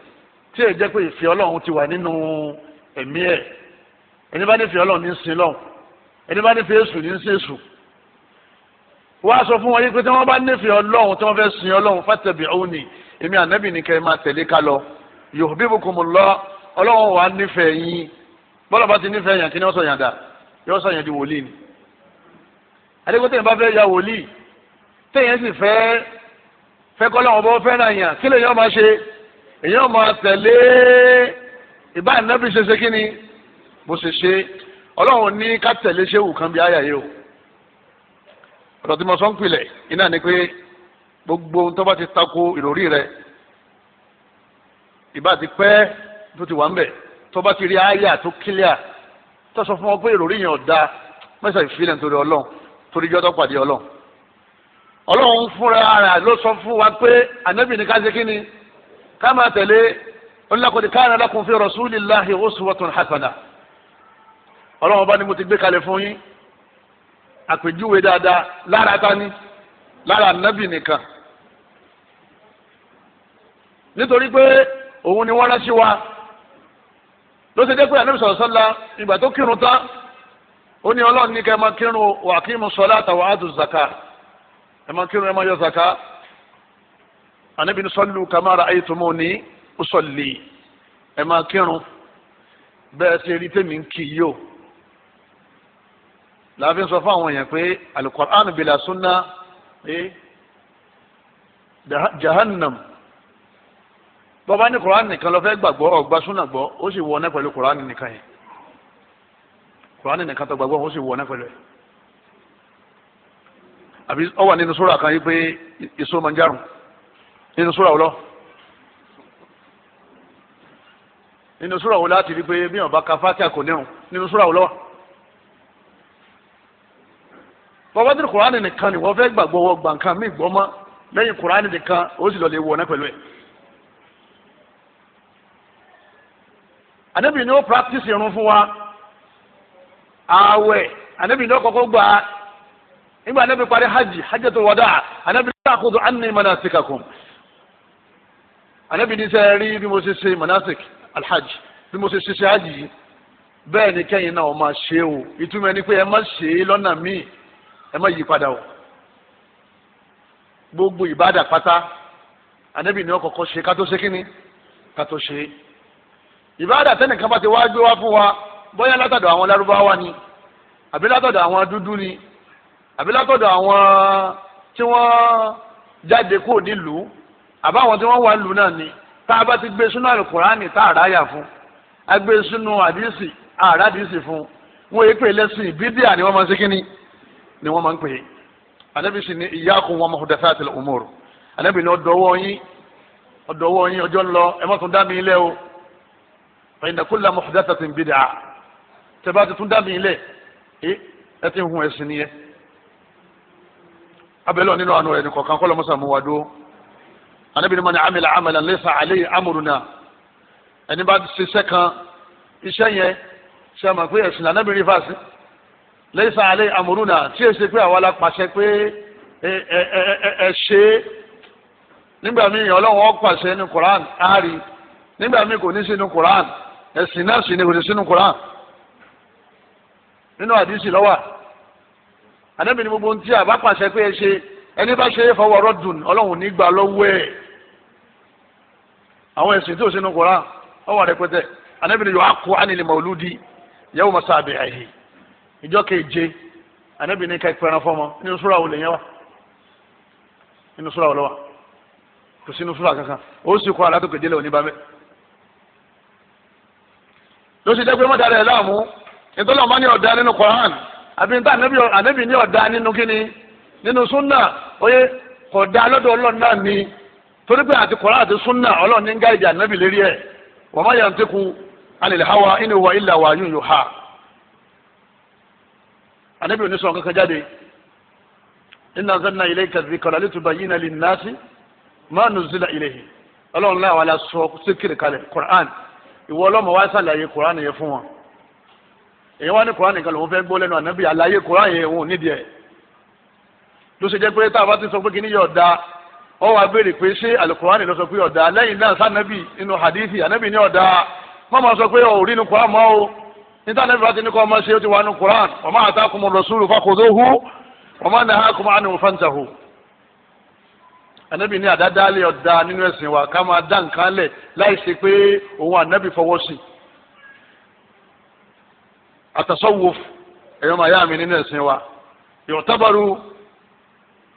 tí èyí jẹ́ pé ìfẹ́ ọlọ́run ti wà nínú ẹ̀mí ẹ̀ ẹni bá nífẹ̀ẹ́ ọlọ́run ní sin lọ́run ẹni bá nífẹ̀ẹ́ èṣù ní sin èṣù wá sọ fún wọn yìí pé tí wọ́n bá nífẹ̀ẹ́ ọlọ́run tí wọ́n fẹ́ sìn ọlọ́run fattabi'uni èmi ànábì ní kẹ́ máa tẹ̀lé ká lọ yuhbibkumullah ọlọ́run wà nífẹ̀ẹ́ yín bọ́lá bá ti nífẹ̀ẹ́ yàn kí ni wọ́n sọ yàn dà yọ sọ yàn di wòlíì ni. àdékòtò yẹn bá fẹ́ ya wòlíì téèyàn sì fẹ́ fẹ́ kọ́ lọ́wọ́ bọ́ fẹ́ràn yàn kí lèèyàn máa ṣe èèyàn máa tẹ̀lé ìbá ni bó ṣe ṣe ọlọ́run ní ká tẹ̀lé ọ̀rọ̀ tí mo sọ ń pilẹ̀ iná ni pé gbogbo ohun tó bá ti tako ìròrí rẹ ìbá ti pẹ́ tó ti wà ń bẹ̀ tó bá ti rí àyà tó kílíà tó sọ fún ọ pé ìròrí yẹn ọ̀dà mẹ́sàn-án ìfilẹ̀ nítorí ọlọ́run torí jọ́dọ̀ pàdé ọlọ́run ọlọ́run fúnra rẹ̀ ló sọ fún wa pé ànábì ní ká ṣe kí ni ká máa tẹ̀lé onílàkọ̀dé káàrin alákùnfin rasulillahi uswatun hasana ọlọ́run bá ní mo ti gbé kalẹ̀ fún yín àpèjúwe dáadáa lára tani lára nábì nìkan nítorí pé òun ni wọ́n ránṣẹ́ wa ló ṣe jẹ́ pé ànábì sọ̀rọ̀ sọ́la ìgbà tó kírun tán ó ní ọlọ́run ní kẹ́ ẹ máa kírun wa aqimu salata wa atu zaka ẹ máa kírun ẹ máa yọ zaka ànábì ní sallu kama ra'aytumuni usalli ẹ máa kírun bẹ́ẹ̀ ṣe rí tèmi ń kì í yóò láàfin sọ fún àwọn èèyàn pé alukoran bila sunna eh jahannam bọ́bá ní koran nìkan lọ fẹ́ gbàgbọ́ ọ̀gbà sunna gbọ́ ó sì wọ ọ̀nà pẹ̀lú koran nìkan yẹn koran nìkan tó gbàgbọ́ ó sì wọ ọ̀nà pẹ̀lú ẹ̀ àbí ọ wà nínú sóra kan yìí pé èso máa ń járùn nínú sóra ọlọ́ nínú sóra ọlọ́ àti rí pé bí wọn bá ka fátíà kò nírun nínú sóra ọlọ́ bọ́bá tí kùránì nìkan ni wọ́n fẹ́ gbàgbọ́ wọ gbàǹkan mí gbọ́ mọ́ lẹ́yìn kùránì nìkan ó sì lọ lè wọ̀ ná pẹ̀lú ẹ̀. ànábì ni ó practice irun fún wa ààwẹ̀ ànábì ni ó kọ́kọ́ gbà á nígbà ànábì parí hajj hajjatul wadaa ànábì ní ta'khudhu anni manasikakum ànábì ní sẹ́ rí bí mo ṣe ṣe manasik alhajj bí mo ṣe ṣe ṣe hajj yìí bẹ́ẹ̀ ni kẹ́yìn náà ó máa ṣe o ìtumọ̀ ẹni pé ẹ má ṣe é lọ́nà míì ẹ má yí padà o gbogbo ìbádà pátá anabi ni wọn kọ́kọ́ ṣe ká tó ṣe kíni ká tó ṣe ìbádà tẹnìkan bá ti wá gbé wá fún wa bóyá látọ̀dọ̀ àwọn lárúbáwá ni àbí látọ̀dọ̀ àwọn dúdú ni àbí látọ̀dọ̀ àwọn tí wọ́n jáde kúrò nílùú àbáwọn tí wọ́n wà nílùú náà ni tá a bá ti gbé sínú àlùkùránì tá a ráyà fún a gbé sínú àdìsí àràdìsí fún wọn èpè lẹ́sìn bídíà ni wọ́n máa ṣe kíni ni wọ́n máa ń pè é anabi sì ni iyyakum wa muhdathatil umur anabi ni ọdọwọ yín ọdọwọ yín ọjọ́ lọ ẹ má tún dá mi lẹ o fa inna kulla muhdathatin bid'ah tẹ bá ti tún dá mi lẹ ẹ ẹ ti hun ẹsìn nìyẹn abẹ́lẹ́ nínú àánú rẹ̀ nìkan kan kọ́ lọ́mọ́sá mu wá dúró anabi ni man amila amalan laysa alayhi amruna ẹni bá ti ṣiṣẹ́ kan iṣẹ́ yẹn ṣe àmọ̀ lẹ́sà alẹ́ àmọ́rúnà tí èsì pé àwa la pàṣẹ pé ẹ ẹ ẹ ẹ ṣe é nígbà míì ọlọ́run ó pàṣẹ ní koran ari nígbà míì kò ní sínú koran ẹ̀sìn náà sì ni kò ní sínú koran nínú àdìsí lọ́wọ́ ànábì ní gbogbo ntí àbá pàṣẹ pé ẹ ṣe ẹni bá ṣe é fọwọ́ ọ̀rọ̀ ọlọ́run ní lọ́wọ́ ẹ̀ àwọn ẹ̀sìn tí sínú koran ọwọ́ rẹpẹtẹ ànábì ní yọ akọ anilẹ̀ mọ̀lúdi yẹ́wò mọ́sáàbẹ̀ àyè ìjọ keje anabi ní ká ìpẹ́ran fọ́mọ nínú súra wo lèyẹn wa nínú súra wo lọ́wọ́ kò sínú súra kankan ó sì kọ́ alátó keje lẹ́wọ̀n níbàmẹ́ ló dẹ́gbẹ́ mọ́tà rẹ̀ láàmú nítorí ọ̀ma ní ọ̀dà anabi ní ọ̀dà nínú kíni nínú sunna oyè lọ́dọ̀ náà ni torí pé àti sunna ní ń anabi lérí ẹ̀ wọ́n má hawa wa ha. anabi òní sọ̀rọ̀ kankan jáde inna anzalna ilayka dhikra litubayyina linnasi ma nuzila ilayhi ọlọ́run láwa la sọ síkìrì kalẹ̀ quran ìwọ ọlọ́mọ wa ṣàlàyé quran yẹn fún wọn èyí wá ní quran nìkan lòun fẹ́ gbọ́ lẹ́nu ànábì àlàyé quran yẹn òun nídìí ẹ̀ ló ṣe pé tá a bá ti sọ pé kí ni yọ̀ da ọ wá béèrè pé ṣé alukurani ló sọ pé ọ̀dà lẹ́yìn náà sànàbì nínú hadithi ànábì ní ọ̀dà má máa sọ pé ò rí nu quran mọ́ o. níta ní ìfúrásì ní ọmọ ṣe ó ti wà ní Quran wa ma atakumur rasulu fakhudhuhu wa ma nahakum anhu hu ànábì ní àdádálẹ̀ ọ̀dà nínú ẹ̀sìn wa ká máa dá nǹkan lẹ̀ láì ṣe pé òun ànábì fọwọ́ sí i. àtàsọ́wò ẹ̀yọ́ máa yá mi nínú ẹ̀sìn wa yu'tabaru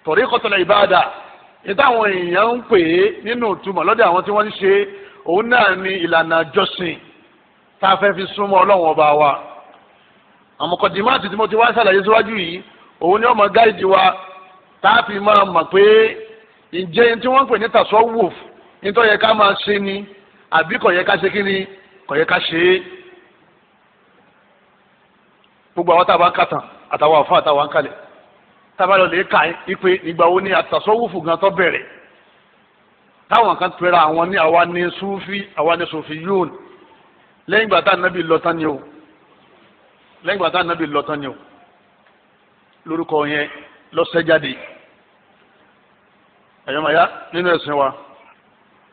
tariqatul ibada ìtàwọn èèyàn ń pè é nínú ìtumọ̀ àwọn tí wọ́n ń ìlànà àjọsìn tá a fẹ́ fi súnmọ́ ọlọ́run ọba wa àmọ̀kọ̀dìmáàtì tí mo ti wá ṣàlàyé síwájú yìí òun ni ọmọ gáìdì wa tá a fi máa mọ̀ pé ǹjẹ́ tí wọ́n ń pè ní tasawuf nítorí yẹ ká máa ṣe ni àbí kò yẹ ká ṣe kí ni kò yẹ ká ṣe é gbogbo àwọn táwa ń kà tán àtàwọn àfọ àtàwọn ń kalẹ̀ táwa lọ lè ka ipe ìgbà wo ni àtasawuf gan tó bẹ̀rẹ̀ táwọn kan pera àwọn ní àwa ní sufi àwa ní sufi yóò ní lẹ́yìn ìgbà tá nàbì lọ tán ni o lẹ́yìn ìgbà tá nàbì lọ tán ni o lórúkọ yẹn lọ́sẹ̀ jáde ẹ̀yọ́mọ̀yá nínú ẹ̀sìn wa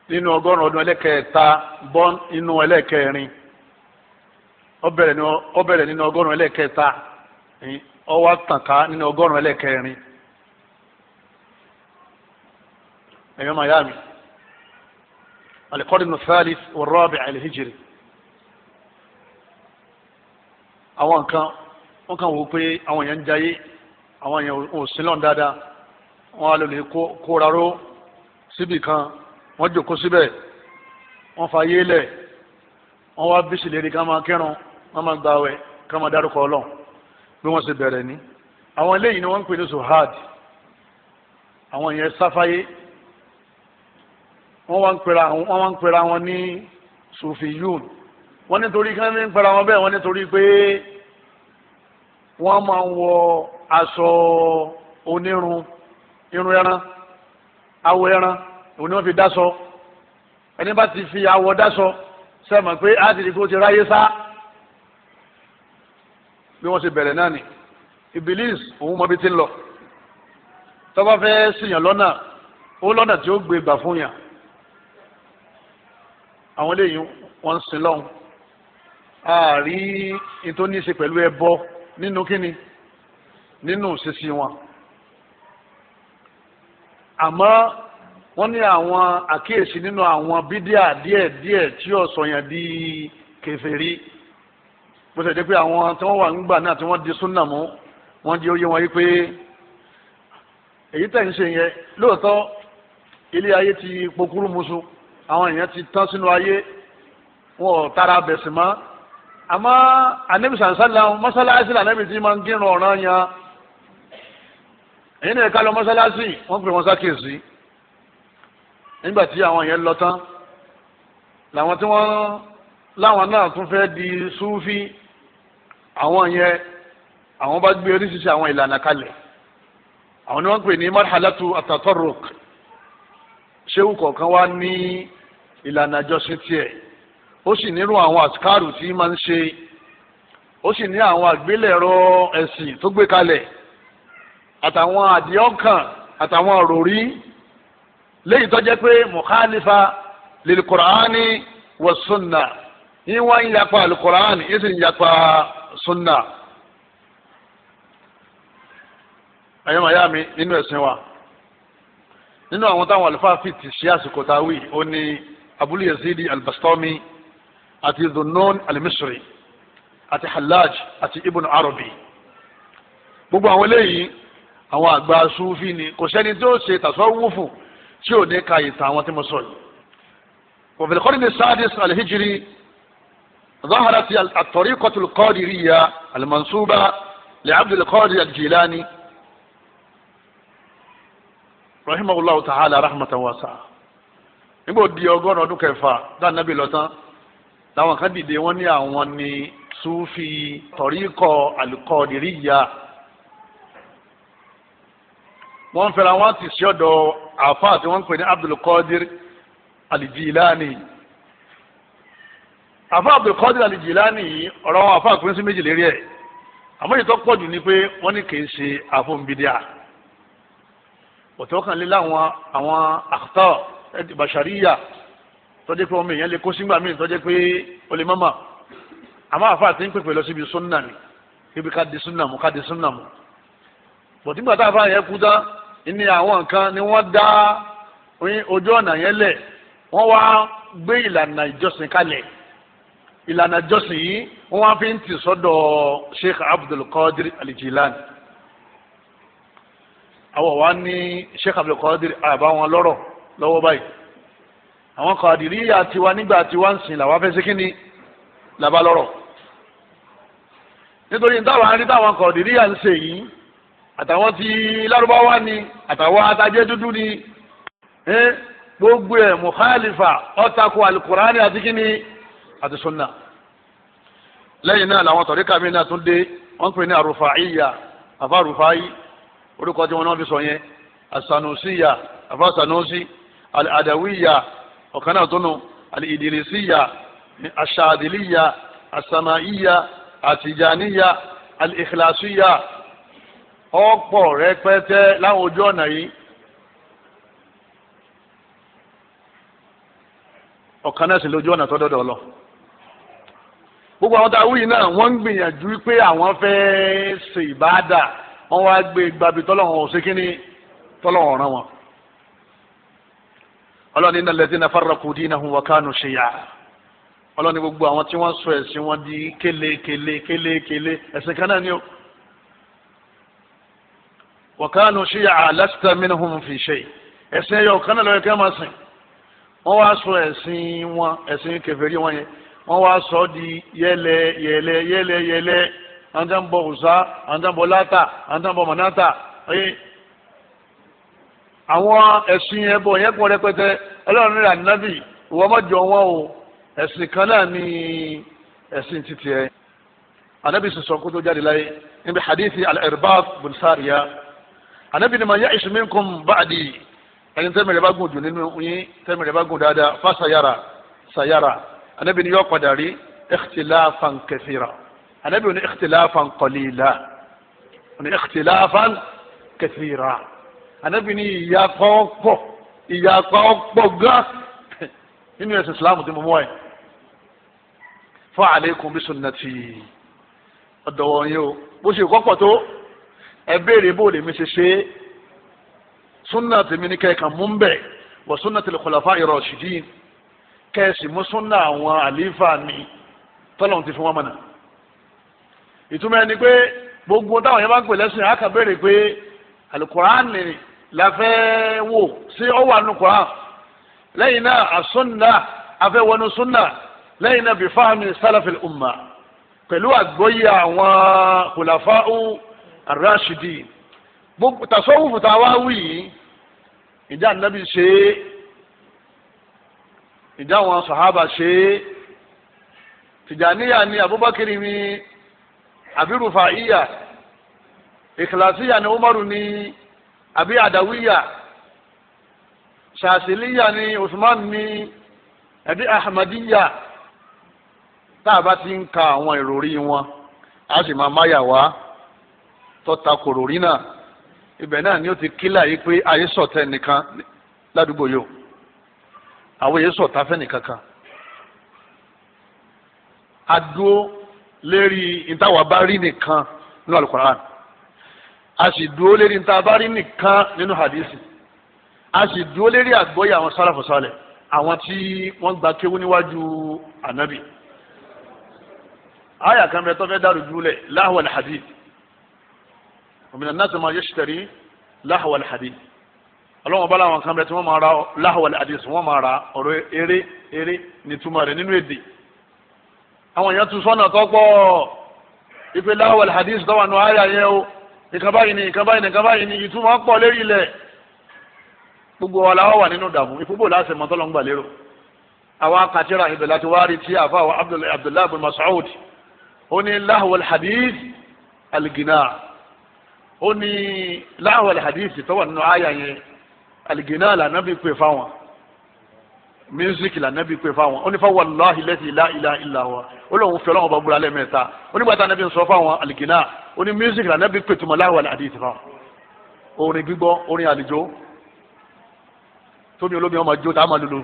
nínú ọgọ́rùn-ún ọdún ẹlẹ́kẹ̀ẹ́ta bọ́n inú ẹlẹ́kẹ̀ẹ́rin ó bẹ̀rẹ̀ nínú ọgọ́rùn-ún ẹlẹ́kẹ̀ẹ́ta ó wá nínú ọgọ́rùn-ún ẹlẹ́kẹ̀ẹ́rin ẹ̀yọ́mọ̀yá mi alikọ́dínú thalith wọ́n rọ́ọ̀bì àìlèhìjìrì. àwọn nǹkan wọn kàn wò pé àwọn èèyàn ń jayé àwọn èèyàn ò sílọ̀ dáadáa wọn á lò lè kóra ró síbì kan wọn jòkó síbẹ̀ wọn fa yé lẹ̀ wọn wá bí sìlérí ká máa kírun ká máa gbààwẹ̀ ká máa dárúkọ Ọlọ́run bí wọ́n ṣe bẹ̀rẹ̀ ní. àwọn eléyìí ni wọ́n ń pè ní zohad àwọn èèyàn sáfáyé wọ́n wá ń pera wọn ní sufiyun wọ́n nítorí kí wọ́n ní pẹ̀lú àwọn bẹ́ẹ̀ wọ́n nítorí pé wọ́n máa ń wọ aṣọ onírun irun ẹran awọ ẹran òun ni wọ́n fi dáṣọ ẹni bá ti fi awọ dáṣọ sẹ́mọ̀ pé á ti di kó ti ráyé sá bí wọ́n ṣe bẹ̀rẹ̀ náà ni ibilis òun mọ ti ń lọ tọ́ba fẹ́ ṣìyàn lọ́nà ó lọ́nà tí ó gbé gbà fún yàn àwọn eléyìí wọ́n ń sin lọ́hùn àárí ètò ní í ṣe pẹ̀lú ẹbọ nínú kíni nínú ṣíṣí wọn àmọ́ wọ́n ní àwọn àkíyèsí nínú àwọn bídíà díẹ̀ díẹ̀ tí ó sọ̀yàn di kèfèrí bó ṣe jẹ́ pé àwọn tí wọ́n wà nígbà náà tí wọ́n di súnà mú wọ́n di oyé wọn yìí pé èyí tẹ̀ ń ṣe yẹn lóòótọ́ ilé ayé ti pokuru musu àwọn èèyàn ti tán sínú ayé wọn ò tara bẹ̀sìn mọ́ ama anabi sàǹsàlà mọ́sálásí lànàbì tí máa ń kírun ọ̀ràn yan èyí ni ká lọ mọ́sálásí wọ́n pè wọ́n sákèsí nígbà tí àwọn yẹn lọ tán làwọn tí wọ́n láwọn náà tún fẹ́ di súfí àwọn yẹn àwọn bá gbé oríṣiríṣi àwọn ìlànà kalẹ̀ àwọn ni wọ́n pè ní marhalatu atatorok ṣéwù kọ̀ọ̀kan wá ní ìlànà àjọṣin tiẹ̀ ó sì nírú àwọn àtikáàrù tí máa ń ṣe ó sì ní àwọn àgbélẹ̀rọ ẹ̀sìn tó gbé kalẹ̀ àtàwọn àdìọ́kàn àtàwọn òròrí léyìí tó jẹ́ pé mùkálífà lèlùkùránì wà sunna yín wá ń yapa àlùkùránì yín sì ń yapa sunna. ẹ̀yọ́ màyá mi nínú ẹ̀sìn wa nínú àwọn táwọn àlùfáà fìtì sí àsìkò táwí ó ní Abul Yazidi al-Bastami àti Dhunnun al-Misri àti Hallaj àti Ibn Arabi gbogbo àwọn eléyìí àwọn àgbà sufi ni kò sẹ́ni tí ó ṣe tasawufu tí ò ní ka ìtàn àwọn tí mo sọ yìí. وفي القرن السادس الهجري ظهرت الطريقة القادرية المنسوبة لعبد القادر الجيلاني رحمه الله تعالى رحمة واسعة. nígbà ó di ọgọ́rùn-ún ọdún kẹfà dáná bí lọ́tàn làwọn kan dìde wọ́n ní àwọn ni sufi tọ̀ríkọ alukọ̀dìríyà wọ́n fẹ́ra wọn ti sí ọ̀dọ̀ àáfàá tí wọ́n ń pè ní abdulkadir alijilani àáfàá abdulkadir alijilani ọ̀rọ̀ wọn àáfàá pín sí méjì lérí ẹ̀ àmọ́ èyí pọ̀ jù ni pé wọ́n ní kìí ṣe àfọ̀nbídíà òtún kan lé láwọn àwọn àkútọ̀ bàṣàríyà tọ́jú pé ọmọ èèyàn lè kó sígbà míì tọ́jú pé o lè mọ́mọ́ àmọ́ àfa àti ń pèpè lọ síbi sunna ni ibi ká di sunna mu ká di sunna mu bọ̀dígbà tá a fa yẹn kú tán ní àwọn nǹkan ni wọ́n dá ojú ọ̀nà yẹn lẹ̀ wọ́n wá gbé ìlànà ìjọsìn kalẹ̀ ìlànà ìjọsìn yìí wọ́n wá fi ń tì sọ́dọ̀ Sheikh Abdul Qadir alijilan jilani àwọn wa ní Sheikh Abdul Qadir àbáwọn lọ́rọ̀ lọ́wọ́ báyìí àwọn kàdìríyà tiwa nígbà tiwa ń sìn làwọn afẹ́ sí kínní làbá lọ́rọ̀ nítorí táwọn arí táwọn kàdìríyà ń ṣe yìí àtàwọn ti lárúbáwá ni àtàwọn atajẹ́ dúdú ni gbogbo ẹ̀ mukhalifa ọ̀tako alukurani àti kínní àti sunna lẹ́yìn náà làwọn tọ̀ríkà mi náà tún dé wọ́n pè ní àrùfàáyà àfàrùfàáyì orúkọ tí wọ́n náà fi sọ yẹn àsànùsíyà àfàsànùsí àdàwíyà ọ̀kan náà tó nu al-idirisiya asadiliya asamaiya atijaniya al-ikhlasiya ọ̀pọ̀ rẹpẹtẹ láwọn ojú ọ̀nà yìí ọ̀kan náà sì lójú ọ̀nà tó dọ́dọ̀ lọ gbogbo àwọn tá a wúyì náà wọ́n ń gbìyànjú pé àwọn fẹ́ ṣe wọ́n wá gbé gbàbí tọ́lọ́wọ́n ò sí kínní tọ́lọ́wọ́n ràn wọ́n ọlọ́ni iná lẹ́sìn náà fara kù dínà hùwà kánú ṣe yá ọlọ́ni gbogbo àwọn tí wọ́n sọ ẹ̀sìn wọn di kélekele kélekele ẹ̀sìn kan náà ni ó wà kánú ṣe yá lásìtà mí hùn fi ṣe ẹ̀sìn ẹ̀yọ kan náà lọ́yọ̀ kẹ́ máa sìn wọ́n wá sọ ẹ̀sìn wọn ẹ̀sìn kèfèrí wọn yẹn wọ́n wá sọ di yẹlẹ yẹlẹ yẹlẹ yẹlẹ anjanbọ ọsà anjanbọ láta anjanbọ mọnata ọyẹ àwọn ẹ̀sìn ẹbọ yẹn kún rẹpẹtẹ ọlọ́run nílà nábì ìwọ mọ́jọ wọn o ẹ̀sìn kan náà ni ẹ̀sìn títì ẹ̀ anabi sọ̀sọ̀ kó tó jáde láyé níbi hadithi al-irbad bin sariya anabi ni ma ya'ish minkum ba'di ẹni tẹ́mi rẹ̀ bá gùn jù nínú yín tẹ́mi rẹ̀ bá gùn dáadáa fa sayara sayara anabi ni yọ padà rí ikhtilafan anabi ni ikhtilafan qalila ni ikhtilafan ànábì ní ìyapa ọ̀pọ̀ ìyapa ọ̀pọ̀ gan nínú ẹ̀sìn islam tí mo mú ẹ fa alaykum bi sunnati ọ̀dọ̀wọ̀ yín o bó ṣe kọ́pọ̀ tó ẹ béèrè bó lèmi ṣe ṣe sunna tèmi ní kẹ́ẹ̀kan mú bẹ́ẹ̀ wa sunnati al-khulafa'i rashidin kẹ́ẹ̀sì mú sunna àwọn àlífà mi tọ́lọ́run ti fi wọ́n mọ̀nà ìtumọ̀ ẹni pé gbogbo táwọn yẹn bá ń pè lẹ́sìn àkàbẹ̀rẹ̀ pé alukur'an ni lafẹ́ wò sí ọwọ́ ànukura lẹ́yìn náà àsúnà afẹ́wọnú súnà lẹ́yìn náà bifahmi sálàfẹ́ umma pẹ̀lú àgbọ́yé àwọn khulafa'u ar-rashidin tasọ́wùfù tá a wá wí yìí ìjà ànábì ṣe é ìjà àwọn sàhábà ṣe é ni abubakar ni abirufa iya ìkìlásíyà ni umaru ni àbí àdàwíyà ṣàṣìlíyà ni usman ni ẹbí ahmadiyya tá a bá ti ń ka àwọn ìròrí wọn a sì máa máyà wá tọ́ta kòròrí náà ibẹ̀ náà ni ó ti kílà yìí pé ayé sọ̀tẹ́ nìkan ládùúgbò yòó àwọn èyí sọ̀tá fẹ́ nìkan kan adúó lérí ìtawà bá rí nìkan ní Al-Qur'an a sì dúró lérí níta bá rí nìkan nínú hadisi a sì dúró lérí àgbọ́yé àwọn sálàfù sálẹ̀ àwọn tí wọ́n gba kéwú níwájú ànábì aya kan bẹ tó fẹ́ dàrú júlẹ̀ láhùwà alhadith òmìnira náà tó máa yẹ ṣìtẹ̀rí láhùwà alhadith ọlọ́wọ́n bá láwọn kan bẹ tí wọ́n máa ra láhùwà alhadith wọ́n máa ra ọ̀rọ̀ eré eré nítumọ̀ rẹ̀ nínú èdè àwọn èèyàn tún sọ́nà tó ìpè láhùwà alhadith tó wà nù aya yẹn o nǹkan báyìí ni nǹkan báyìí ni nǹkan báyìí ni ìtumọ̀ pọ̀ lérí ilẹ̀ gbogbo wa la wà nínú ìdààmú ìfúbò láti mọ̀ tọ́lọ́ ń gbà lérò àwọn akatira ibẹ̀ láti wá rí tí àfa àwọn abdullahi bin masoud ó ní lahwal hadith algina ó ní lahwal hadith tó nínú àyà yẹn algina lànà bí pè fáwọn. Music mísíkì lànàbí pé fáwọn ó ní fáwọn aláhi lẹ́sìn ilá ilá ilá wa ó lóun fẹ́ ọlọ́run ọba búra lẹ́mẹ̀ẹ́ta ó nígbà tá ànábì ń sọ fáwọn àlìkìnà ó ní mísíkì lànàbí pé tùmọ̀ láwọn àdìsí fáwọn orin gbígbọ́ orin àlìjó tómi olómi ọmọ jó tá a máa lulu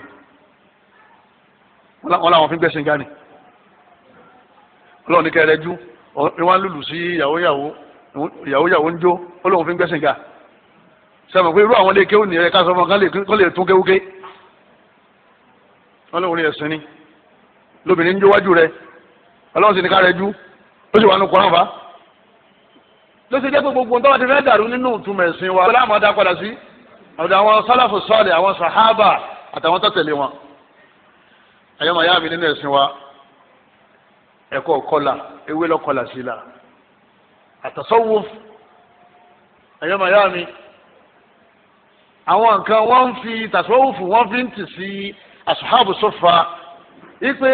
wọn làwọn fi ń gbẹ́sìn gani ọlọ́run ní kẹrẹ jú wọn lùlù sí ìyàwó ìyàwó ìyàwó ìyàwó ń jó ọlọ́run fi ń gbẹ́sìn ga sọ ma pé irú àwọn lè kéwòn ní ẹ ká sọ fún ọ kán lè tún kéwúké wọn lóun rí ẹ̀sìn ni lóbìnrin ń jówájú rẹ ọlọ́run sì ní ká rẹ jú ó sì wà nù kọ́ràn fa ló ṣe jẹ́ pé gbogbo nǹkan ti fẹ́ dàrú nínú ìtumọ̀ ẹ̀sìn wa pẹ̀lú àwọn adápadà sí ọ̀dọ̀ àwọn sálàfù sọ́ọ̀lì àwọn sàhábà àtàwọn tó tẹ̀lé wọn àyọ̀mọ̀ ayá mi nínú ẹ̀sìn wa ẹ̀kọ́ kọlà ewé lọ́kọlà sí la àtàsọ́wọ́ àyọ̀mọ̀ ayá mi àwọn nǹkan wọ́n ń fi tàsọ́wọ́fù wọ́n fi ń tì sí asuhabu sofa ipe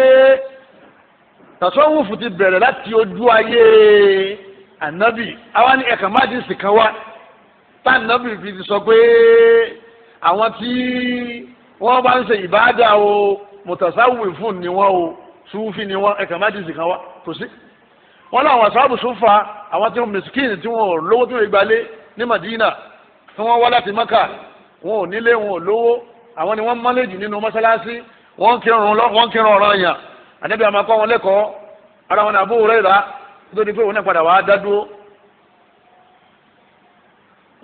tasawufu ti bẹ̀rẹ̀ láti ojú ayé anabi àwa ni ẹ̀ka májísì kan wá tá anabi fi ti sọ pé àwọn tí wọ́n bá ń ṣe ìbáàdà o mutasawwifun ni wọ́n o sufi ni wọ́n ẹ̀ka májísì kan wá kò sí wọ́n láwọn asuhabu sofa àwọn tí wọ́n mẹsìkìnì tí wọ́n lówó tí wọ́n gbalé ní madina tí wọ́n wá láti maka wọn ò nílé wọn ò lówó àwọn ni wọ́n mọ́lẹ́jì nínú mọ́ṣáláṣí wọ́n kírun wọ́n kírun ọ̀rọ̀ yàn àdébí àmọ́ kọ́ wọn lẹ́kọ̀ọ́ ara wọn àbúrò rẹ̀ rà nítorí pé òun náà padà wàá dá dúró.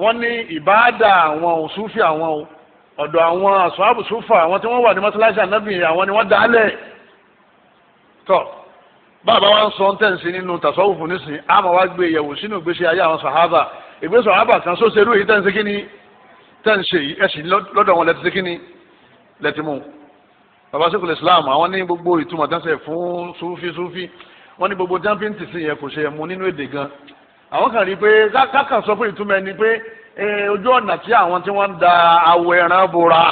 wọ́n ní ìbáàdà àwọn òṣùfì àwọn o ọ̀dọ̀ àwọn àṣọ́àbù ṣùfà àwọn tí wọ́n wà ní mọ́ṣáláṣí ànábì àwọn ni wọ́n dálẹ̀ tọ́ bàbá wa ń sọ tẹ̀sí nínú tàṣọ́wùfù nísìnyí àmọ́ wa gbé ìyẹ̀wò sínú ìgbésí ayé àwọn sàhábà ìgbésí sàhábà kan sóṣèlú yìí tẹ̀sí kí ni tẹ́ ń ṣe yìí ẹ̀sìn lọ́dọ̀ wọn lẹ́tí kíni lẹ́tí mú bàbá sèkùlù islam àwọn ní gbogbo ìtumọ̀ dánsẹ̀ fún sufi sufi wọ́n ní gbogbo jámpíǹtì sí yẹn kò ṣe ẹ̀mú nínú èdè gan àwọn kan rí i pé káka sọ pé ìtumọ̀ ẹni pé ojú ọ̀nà tí àwọn tí wọ́n da awọ ẹran bora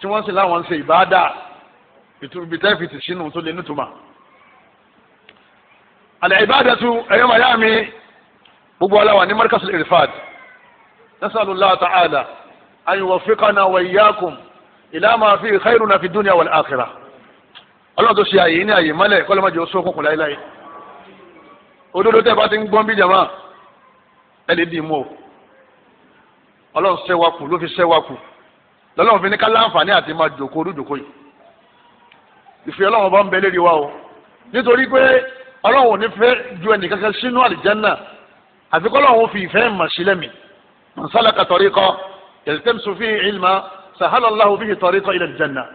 tí wọ́n sì láwọn ń ṣe ìbáadà ìtúbi tẹ́fìtì sínú tó lé nítumọ̀ àlẹ́ ìbáadà tu ẹ̀yọ́ màyá gbogbo aláwa ní markasul irfad nasalu allah ta'ala an yuwaffiqana wa iyyakum ila ma fi khairuna fi dunya wal akhirah ọlọ́run tó ṣe àyè ní àyè mọ́lẹ̀ kọ́lọ́ má jẹ́ oṣù òkùnkùn láéláé òdodo tẹ́ bá ti ń gbọ́n bí jama ẹ lè dì í mú o ọlọ́run sẹ́wàkù ló fi sẹ́wàkù lọ́lọ́run fi ní ká láǹfààní àti máa jòkó orújòkó yìí ìfẹ́ ọlọ́run bá ń bẹ lérí wa o nítorí pé ọlọ́run ò ní fẹ́ ju ẹnìkankan sínú àlìjánná àfikọ́ ọlọ́run fi ìfẹ́ mà sílẹ̀ mìí من سلك طريقا يلتمس فيه علما سهل الله به طريقا إلى الجنة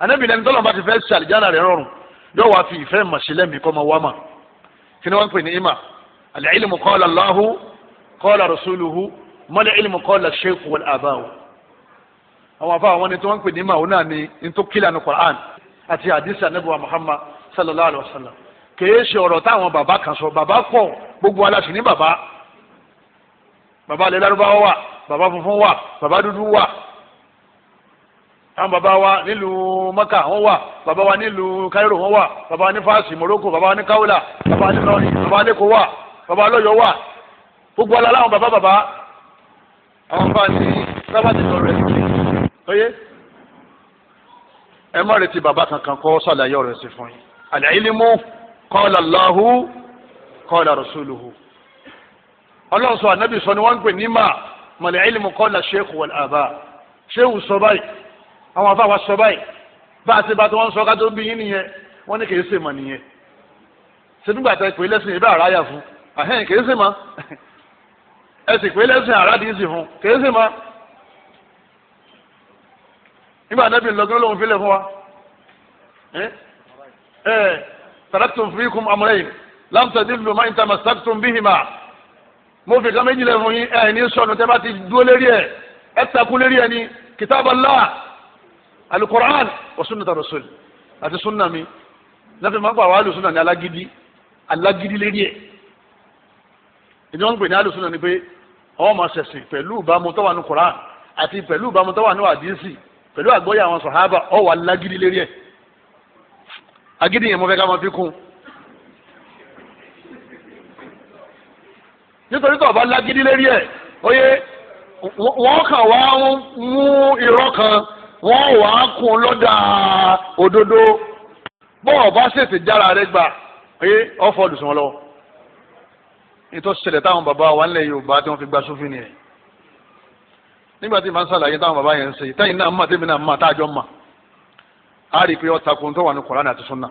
Ànábì lẹ́ni tọ́lọ́ bá ti fẹ́ ṣe àlìjáná rẹ̀ rọrùn yóò wá fi ìfẹ́ mà sí lẹ́mìí kọ́ ma wá mà kí ni wọ́n ń pè ní ìmà al-ilmu qala Allahu qala rasuluhu mal ilmu qala sheikh wal aba'u. àwọn afa àwọn ni tí wọ́n ń pè ní ìmà òun náà ni n tó kílà ní Qur'an àti hadith Ànábì wa Muhammad sallallahu alayhi wa sallam kì í ṣe ọ̀rọ̀ táwọn bàbá kan sọ bàbá pọ̀ gbogbo aláṣẹ ní bàbá baba alẹ́ lárúbáwá wà baba funfun wà baba dúdú wà àwọn baba wa nílùú maka wọn wà baba wa nílùú cairo wọn wà baba wa ní fásì morocco baba wa ní kaula baba wa ní lọrin baba wa lẹkọọ wà baba wa lọyọọ wà gbogbo ala làwọn baba baba àwọn bá ní sábàtì lọ rẹ lóye ẹ má retí baba kankan kó ṣàlàyé ọ̀rọ̀ ẹ̀sìn fún yín àlẹ́ ìlímù qala Allahu qala rasuluhu ọlọ́run sọ ànábì sọ ni wọ́n ń pè ní mà mọ̀lẹ́ ẹ̀lìmù kọ́lá sheikh wal aba shehu sọ báyìí àwọn afa wa sọ báyìí bá a ti bá tí wọ́n sọ ká tó bí yín nìyẹn wọ́n ní kì í ṣe mọ̀ nìyẹn sẹ́dúgbà tẹ pé lẹ́sìn ìbá àráyà fún àhẹ́n kì í ṣe mọ́ ẹ sì pé lẹ́sìn àràdì sì fún kì í nígbà ànábì lọ́gbọ́n lòun fílẹ̀ fún wa ẹ ẹ taraktum fikum amrayn lam tadillu mo fi kan méjì lẹ fún yín ẹ ní sọnù tẹ bá ti dúró lérí ẹ ẹ takú lérí ẹ ní kitaab Allah alukur'an wa sunnata rasul àti sunna mi láti máa ń pa àwọn alùsùnà ní alágídí alágídí lérí ẹ ìdí wọn ń pè ní alùsùnà ni pé àwọn máa ṣẹ̀sìn pẹ̀lú ìbámu wà ní kur'an àti pẹ̀lú ìbámu wà ní àdìsí pẹ̀lú àgbọ́yé àwọn sàhábà ó wà alágídí lérí ẹ agídí yẹn mo fẹ́ ká máa fi kún nítorí tó o bá lágídí lérí ẹ̀ oyè wọ́n kàn wá mú irọ́ kan wọ́n wà á kún lọ́dà òdodo bọ́ọ̀ bá ṣètè jára rẹ gbà oyè ọ̀fọ̀dù sàn lọ. nítorí ṣẹlẹ̀ táwọn bàbá wa nílẹ̀ Yorùbá tí wọ́n fi gba sófin nìyẹn nígbà tí màá ṣàlàyé táwọn bàbá yẹn ń ṣe tẹ́yìn náà mà tẹ́mi náà mà táàjọ́ mà á rí i pé ó takò tó wà ní Kùránì àti Sunnah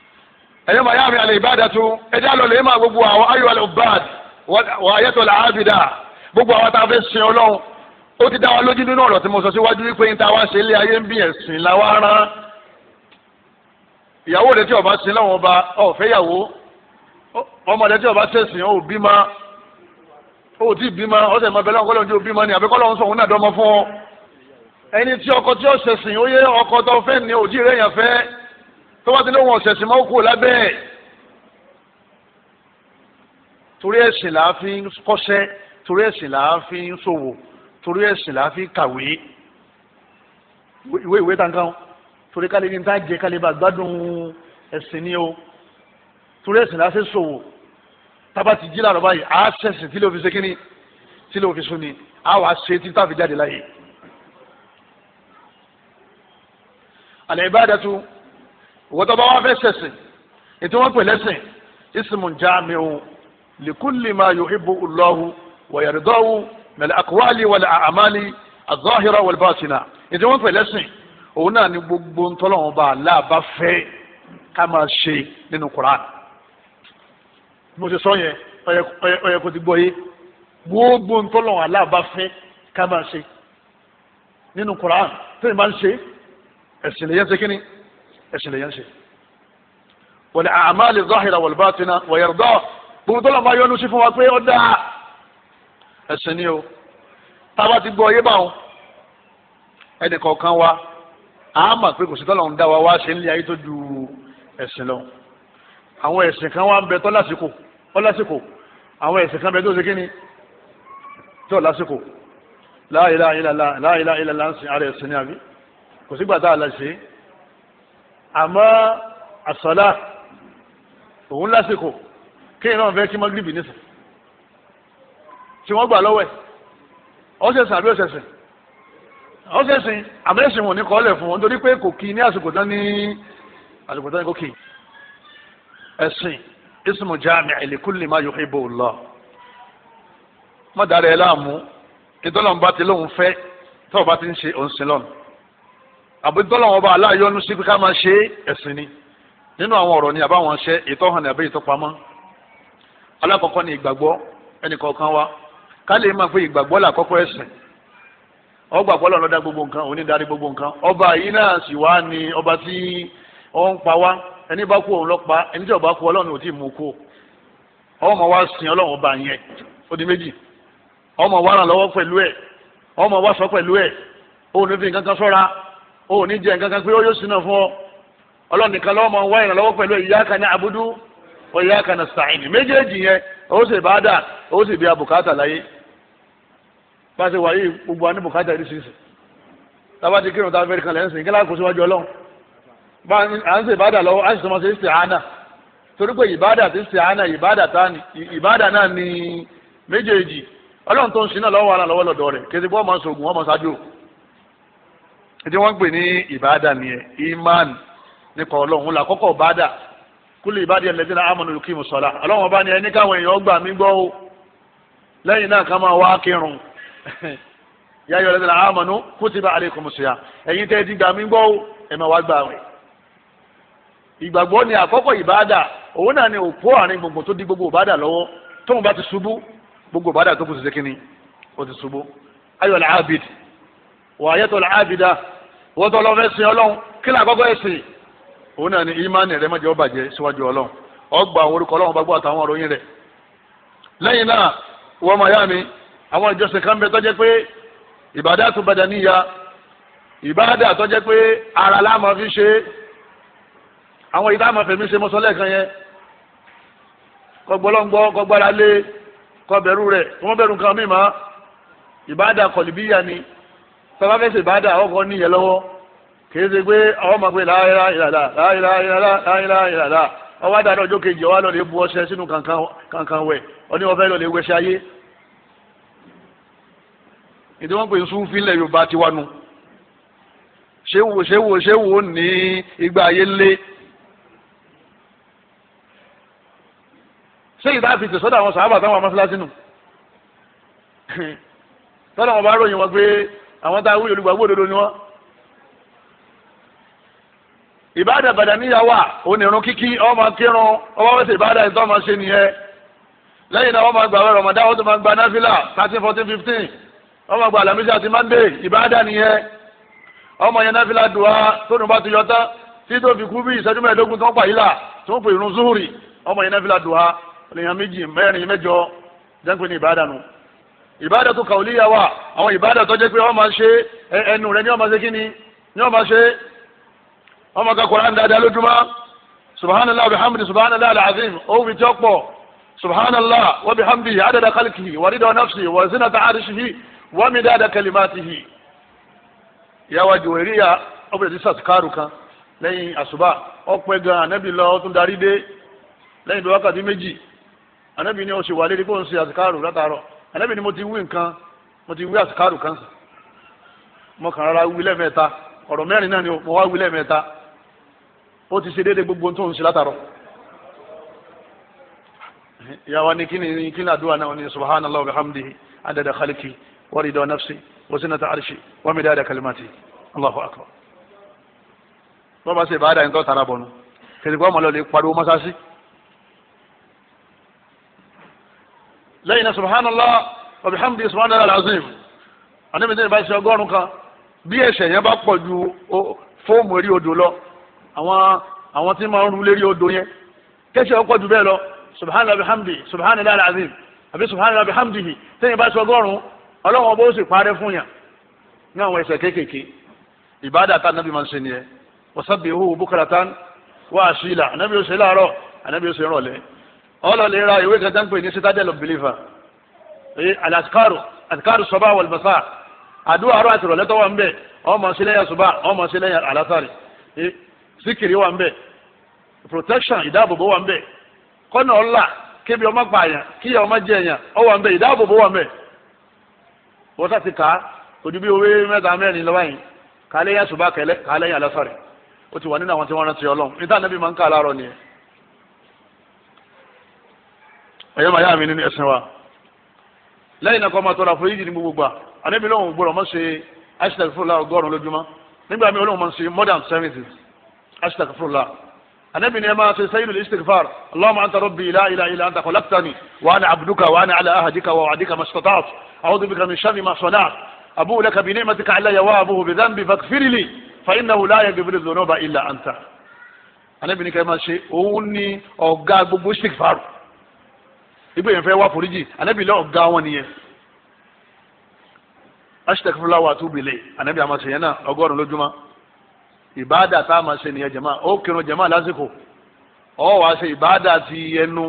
ẹ̀yẹ́ màá yá mi àlè ìbádàtú ẹ̀jẹ̀ àlọ́ lè má gbogbo àwọn ayọ̀ àlè ọ̀bàd wà ayẹ́tọ̀ là ábìdà gbogbo àwọn tá a fẹ́ sin ọlọ́run ó ti dá wa lójú nínú ọ̀rọ̀ tí mo sọ síwájú wípé ń ta wá ṣe ilé ayé ń bí ẹ̀sìn la wá rán ìyàwó rẹ tí ọba sin lọ́wọ́ ọba ọ̀fẹ́ yàwó ọmọ rẹ tí ọba sẹ̀sìn ó bímọ ó ti bímọ ọsẹ ìmọ̀ bẹ́lẹ́ ọkọ tí ó bímọ ni àbíkọ́ lọ́wọ́ sọ̀hún náà dọ́mọ fún ẹni tí ọkọ tí ó sẹ̀sìn ó yé ọkọ tó fẹ́ ni òjì rẹ̀ yàn fẹ́ tó bá ti lóhun ọ̀sẹ̀ sì máa kú lábẹ́ ẹ̀ torí ẹ̀sìn là á fi ń kọ́ṣẹ́ torí ẹ̀sìn là á fi ń ṣòwò torí ẹ̀sìn là á fi ń kàwé ìwé ìwé tankan torí kálí ní tá a jẹ kálí bá gbádùn ẹ̀sìn ni o torí ẹ̀sìn là á ṣe ṣòwò tába ti jí làrọ̀ báyìí àá ṣẹ̀sìn tí ló fi ṣe kínní tí ló fi sún ni àá wàá ṣe tí táfi jáde láyé. àlẹ́ ìbáradà ìwọ tó bá wá fẹ́ ṣẹ̀sìn ètò wọn pè lẹ́sìn ismun jami'u likulli ma yuhibbu Allahu wa yardahu minal aqwali wal a'mali az-zahira wal batina ètò wọn pè lẹ́sìn òun náà ni gbogbo ntọ́lọ́wọ́n bá aláàbá fẹ́ ká máa ṣe nínú Qur'an mo ti sọ yẹn ọyẹ kò ti gbọ́ yé gbogbo ntọ́lọ́wọ́n aláàbá fẹ́ ká máa ṣe nínú Qur'an tó máa ń ṣe ẹ̀sìn ẹ̀sìn lèyàn ṣe wọ́n ní àmàlì zahira wal batina wọ̀yẹ̀rọ̀dọ́ gbogbo tó lọ́n bá yọnu sí fún wa pé ó dáa ẹ̀sìn ni o tába ti gbọ́ yé báwọn ẹnì kọ̀ọ̀kan wa a mà pé kò sí tọ́lọ̀ ń dá wa wá ṣe ń lé ayé tó ju ẹ̀sìn lọ àwọn ẹ̀sìn kan wá ń bẹ tọ́ lásìkò tọ́ lásìkò àwọn ẹ̀sìn kan bẹ tó ṣe kí ni lásìkò la ilaha illallah la ilaha illallah ń sin ara ẹ̀sìn ní àbí kò sígbà tá a lè ṣe é àmọ́ àsọlá òun lásìkò kéèyàn náà fẹ́ kí mọ́gìrìbì nísìn tí wọ́n gbà lọ́wọ́ ẹ̀ ọ̀sẹ̀sìn àbí ọ̀sẹ̀sìn ọ̀sẹ̀sìn àmẹ́sìn wọn ní kọ́lẹ̀ fún wọn nítorí pé kò kí ní àsìkò tán ní àsìkò tán ní kò kí ẹ̀sìn ismu jami'i li kulli ma yuhibbu Allah mọ́dàrẹ́ ẹ̀ láàmú ìtọ́lọ́mbá ti lóun fẹ́ tọ́ọ̀bá ti ń ṣe òun sin lọ́nà àbí tọ́lọ́wọ́n bá aláyọ́nu sí pé ká máa ṣe ẹ̀sìn ni nínú àwọn ọ̀rọ̀ ni àbáwọn ṣe ètò hàn ní àbí ètò pamọ́ alákọ̀ọ́kọ́ ni ìgbàgbọ́ ẹnìkọ̀ọ̀kan wa ká lè máa fi ìgbàgbọ́ làkọ́kọ́ ẹ̀sìn ọgbà pọ́lọ́ ló dá gbogbo nǹkan òní darí gbogbo nǹkan ọba yìí náà sì wá ní ọba tí ó ń pa wá ẹni bá kú òun lọ pa ẹni tí ọba kú ọlọ́run ò tí ó ní jẹ́ nǹkan kan pé ó yóò sinà fún ọ ọlọ́run nìkan lọ́wọ́ máa ń wá ìrànlọ́wọ́ pẹ̀lú iyyaka na'budu wa iyyaka nasta'in méjèèjì yẹn ó sì bá dà ó sì bí abùkátà láyé bá a ṣe wà yìí gbogbo àní bùkátà yìí ṣiṣẹ́ tába ti kírun tába fẹ́ẹ́ kan lẹ́sìn kí láàkó síwájú ọlọ́run bá a ń ṣe ìbádà lọ́wọ́ a sì sọmọ sí ìsìtìhánà torí pé ìbádà ti ìsìtìhánà ìbádà tá ni ìbádà náà ni méjèèjì ọlọ́run tó ń sin náà lọ́wọ́ ara lọ́wọ́ lọ́dọ̀ rẹ̀ kí ẹ ti bọ́ ọmọ sọ̀gùn ọmọ ṣáájú o. ẹtí wọ́n gbé ní ìbáadà nìyẹn iman nípa ọlọ́run la kọ́kọ́ ìbáadà kúlẹ̀ ìbáadà yẹn lẹ́dínlá amọ̀nà òkè mùsọ̀lá ọlọ́run ọba ni ẹni káwọn èèyàn gbà mí gbọ́ o lẹ́yìn náà ká máa wá kírun yá yọ lẹ́dínlá amọ̀nà kútìbà àlẹ́kùnmùsọ̀yà ẹ̀yin tẹ́ ẹ ti gbà mí o ẹ máa wá gbà ya ìgbàgbọ́ ni àkọ́kọ́ ìbáadà òun náà ni òpó àárín tó di gbogbo ìbáadà lọ́wọ́ tóun bá ti ṣubú gbogbo ìbáadà tó kù ti ti ayọ̀ wà á yẹtọ̀ làábìdá wọ́n tọ́ lọ́fẹ́ sin ọlọ́run kí làkọ́kọ́ ẹ̀ sìn òun náà ni ìmánì rẹ mọ̀jẹ̀ ọbàjẹ́ síwájú ọlọ́run ọgbà àwọn orúkọ ọlọ́run bá gbọ́ àtàwọn ọ̀rọ̀ yín rẹ̀ lẹ́yìn náà wọ́n máa yá mi àwọn ìjọsìn kan bẹ tọ́jẹ́ pé ìbádà tó bàdà níyà ìbádà tọ́jẹ́ pé ara la máa fi ṣe àwọn ìta máa fẹ̀mí ṣe mọ́sọ́lẹ̀ kan yẹn kọgbọ́lọ́ngbọ́ kọgbára lé kọbẹ̀rù rẹ̀ wọ́n bẹ̀rù nǹkan mímọ́ ìbádà kọ̀lìbíyà ni sábà fẹ́ ṣe bàdà ọkọ̀ níyẹn lọ́wọ́ kìí ṣe pé ọwọ́ máa pé láyìlá ìlàlá láyìlá ìlàlá láyìlá ìlàlá ọwọ́ àdàdà ọjọ́ kejì ọwọ́ lọ́ọ́ lè bu ọṣẹ sínú kankan wẹ̀ ọní wọn fẹ́ lọ́ọ́ lè wẹṣẹ ayé ìdí wọn pè ń sún fílẹ̀ Yorùbá tiwa nu ṣéwò ṣéwò ṣéwò ní ìgbà ayé lé ṣé ìdá fi tẹ̀sọ́dọ̀ àwọn sàábà táwọn amọ́síláṣí nù *laughs* tọ́lá wọn bá ròyìn wọn pé àwọn tá a wúlò olùgbàgbọ́ òdodo ni wọ́n. ìbáàdà bàdàníyà wà onírun kíkí ọmọ kírun ọmọ fẹsẹ̀ ìbáàdà ìtọ́ ọmọ ṣe nìyẹn lẹ́yìn náà wọ́n máa gbà wẹ́ rọ̀mọ̀dá wọ́n tún máa gba náfìlà thirteen fourteen fifteen wọ́n máa gba àlàmísì àti mande ìbáàdà nìyẹn ọmọ yẹn náfìlà dùá tóun bá ti yọ tán tí fi kú bí ìṣẹ́jú mẹ́ẹ̀ẹ́dógún tó ń pa yìí là tó ń pè irun zuhuri ọmọ yẹn náfìlà dùá ènìyàn méjì mẹ́rin mẹ́jọ jẹ́ ní ìbáàdà nù ìbádà tó kàwélíyà wà àwọn ìbádà tó jẹ́ pé wọ́n máa ṣe ẹnu rẹ̀ ní wọ́n máa ṣe kíni ní wọ́n máa ṣe wọ́n máa ka koran dáadáa lójúmọ́ subhanallah bihamdi subhanallah alazim owi tí ó pọ̀ subhanallah wa bihamdi adada khalqihi wa rida nafsi wa zinata arshihi wa midada kalimatihi ìyáwá jòwèríyà ọbẹ̀rẹ̀ ti sàtìkárù kan lẹ́yìn àṣùbà ọpẹ́ gan anabi lọ tún darí dé lẹ́yìn bí wákàtí méjì anabi ni ó ṣe wà lérí ànábì ni mo ti wí nǹkan mo ti wí àsìkárù kan sàn mo kàn rárá wí lẹ́ẹ̀mẹ́ta ọ̀rọ̀ mẹ́rin náà ni mo wá wí lẹ́ẹ̀mẹ́ta ó ti ṣe déédéé gbogbo tó ń ṣe látàrọ. ìyàwó ni kíni kíni àdúrà náà ni subhanallah wa bihamdihi adada khaliki wa rida nafsi wa sinata arshi wa midada kalimati allahu akbar. bọ́ba ṣe ìbáradà yẹn tó tara bọ̀nu kìrìkọ́ ọmọ lọ́ọ́ lè pariwo mọ́sáàsì. lẹ́yìn náà subhanallah wa bihamdi subhanallah alazim ànábi ní ìbáṣe ọgọ́rùn kan bí ẹ̀ṣẹ̀ yẹn bá pọ̀ ju fóòmù eré odò lọ àwọn àwọn tí máa ń rú lérí odò yẹn kẹ́sẹ̀ ọ̀pọ̀ ju bẹ́ẹ̀ lọ subhanallah bihamdi subhanallah alazim àbí subhanallah bihamdihi tẹ́yìn bá ṣe ọgọ́rùn ọlọ́wọ́n bó sì parẹ́ fún yàn ní àwọn ẹ̀ṣẹ̀ kéékèèké ìbádà tá ànábi máa ń ṣe nìyẹn wasabbihu bukratan wa asila ànábi ó ṣe láàárọ̀ ànábi ó ṣe rọ̀lẹ́ ọlọ́lẹ̀ ra ìwé kan tán pè ní citadel of believer alaskaru adkaru sọba walmasa àdúrà àrò àti ìrọ̀lẹ́ tó wà ń bẹ̀ ọmọ sílẹ̀yà sọba ọmọ sílẹ̀yà alásàrì síkìrì wà ń bẹ̀ protection ìdáàbòbò wà ń bẹ̀ kọ́nà ọ̀la kébi ọmọ pààyàn kíyà ọmọ jẹ̀yàn ọ wà ń bẹ̀ ìdáàbòbò wà ń bẹ̀ wọ́n sá ti kà á ojú bí owó mẹ́ta mẹ́rin lọ́wọ́ yìí kàlẹ́yà sọba kàlẹ́yà alásàrì ó ti wà nínú àwọn tí wọ́n rántí ọlọ́run níta níbi máa ń ká aláàrọ̀ nìyẹn ẹ̀yọ́ màá yá mi nínú ẹ̀sìn wa lẹ́yìn náà kọ́ máa tọ́ra foríjì ní gbogbo gbà àdébí lóhùn gbọ́dọ̀ mọ́ ṣe astaghfirullah ọgọ́rùn lójúmọ́ nígbà mi olóhùn mọ́ ṣe more than seventy astaghfirullah àdébí ni ẹ máa ṣe sayyidul istighfar allahumma anta rabbi la ilaha illa anta khalaqtani wa ana abduka wa ana ala ahadika wa wa'adika mastata'tu a'udhu bika min sharri ma sana'tu abu'u laka bi ni'matika alayya wa abu'u bi dhanbi faghfir li fa innahu la yaghfiru dhunuba illa anta àdébí ni kẹ́ máa ṣe òun ni ọ̀gá gbogbo istighfar ibẹ̀ yẹn fẹ́ wá foríjì anabi lọ́ọ̀ ga wọn nìyẹn hashtag fúláwà tó bìlẹ̀ anabi àmàṣe yẹn náà ọgọ́rùn lójúmọ́ ìbáàdà tá a máa ṣe nìyẹn jẹ̀mọ́ ó kírun jẹ̀mọ́ lásìkò ọ wá ṣe ìbáàdà ti ẹnu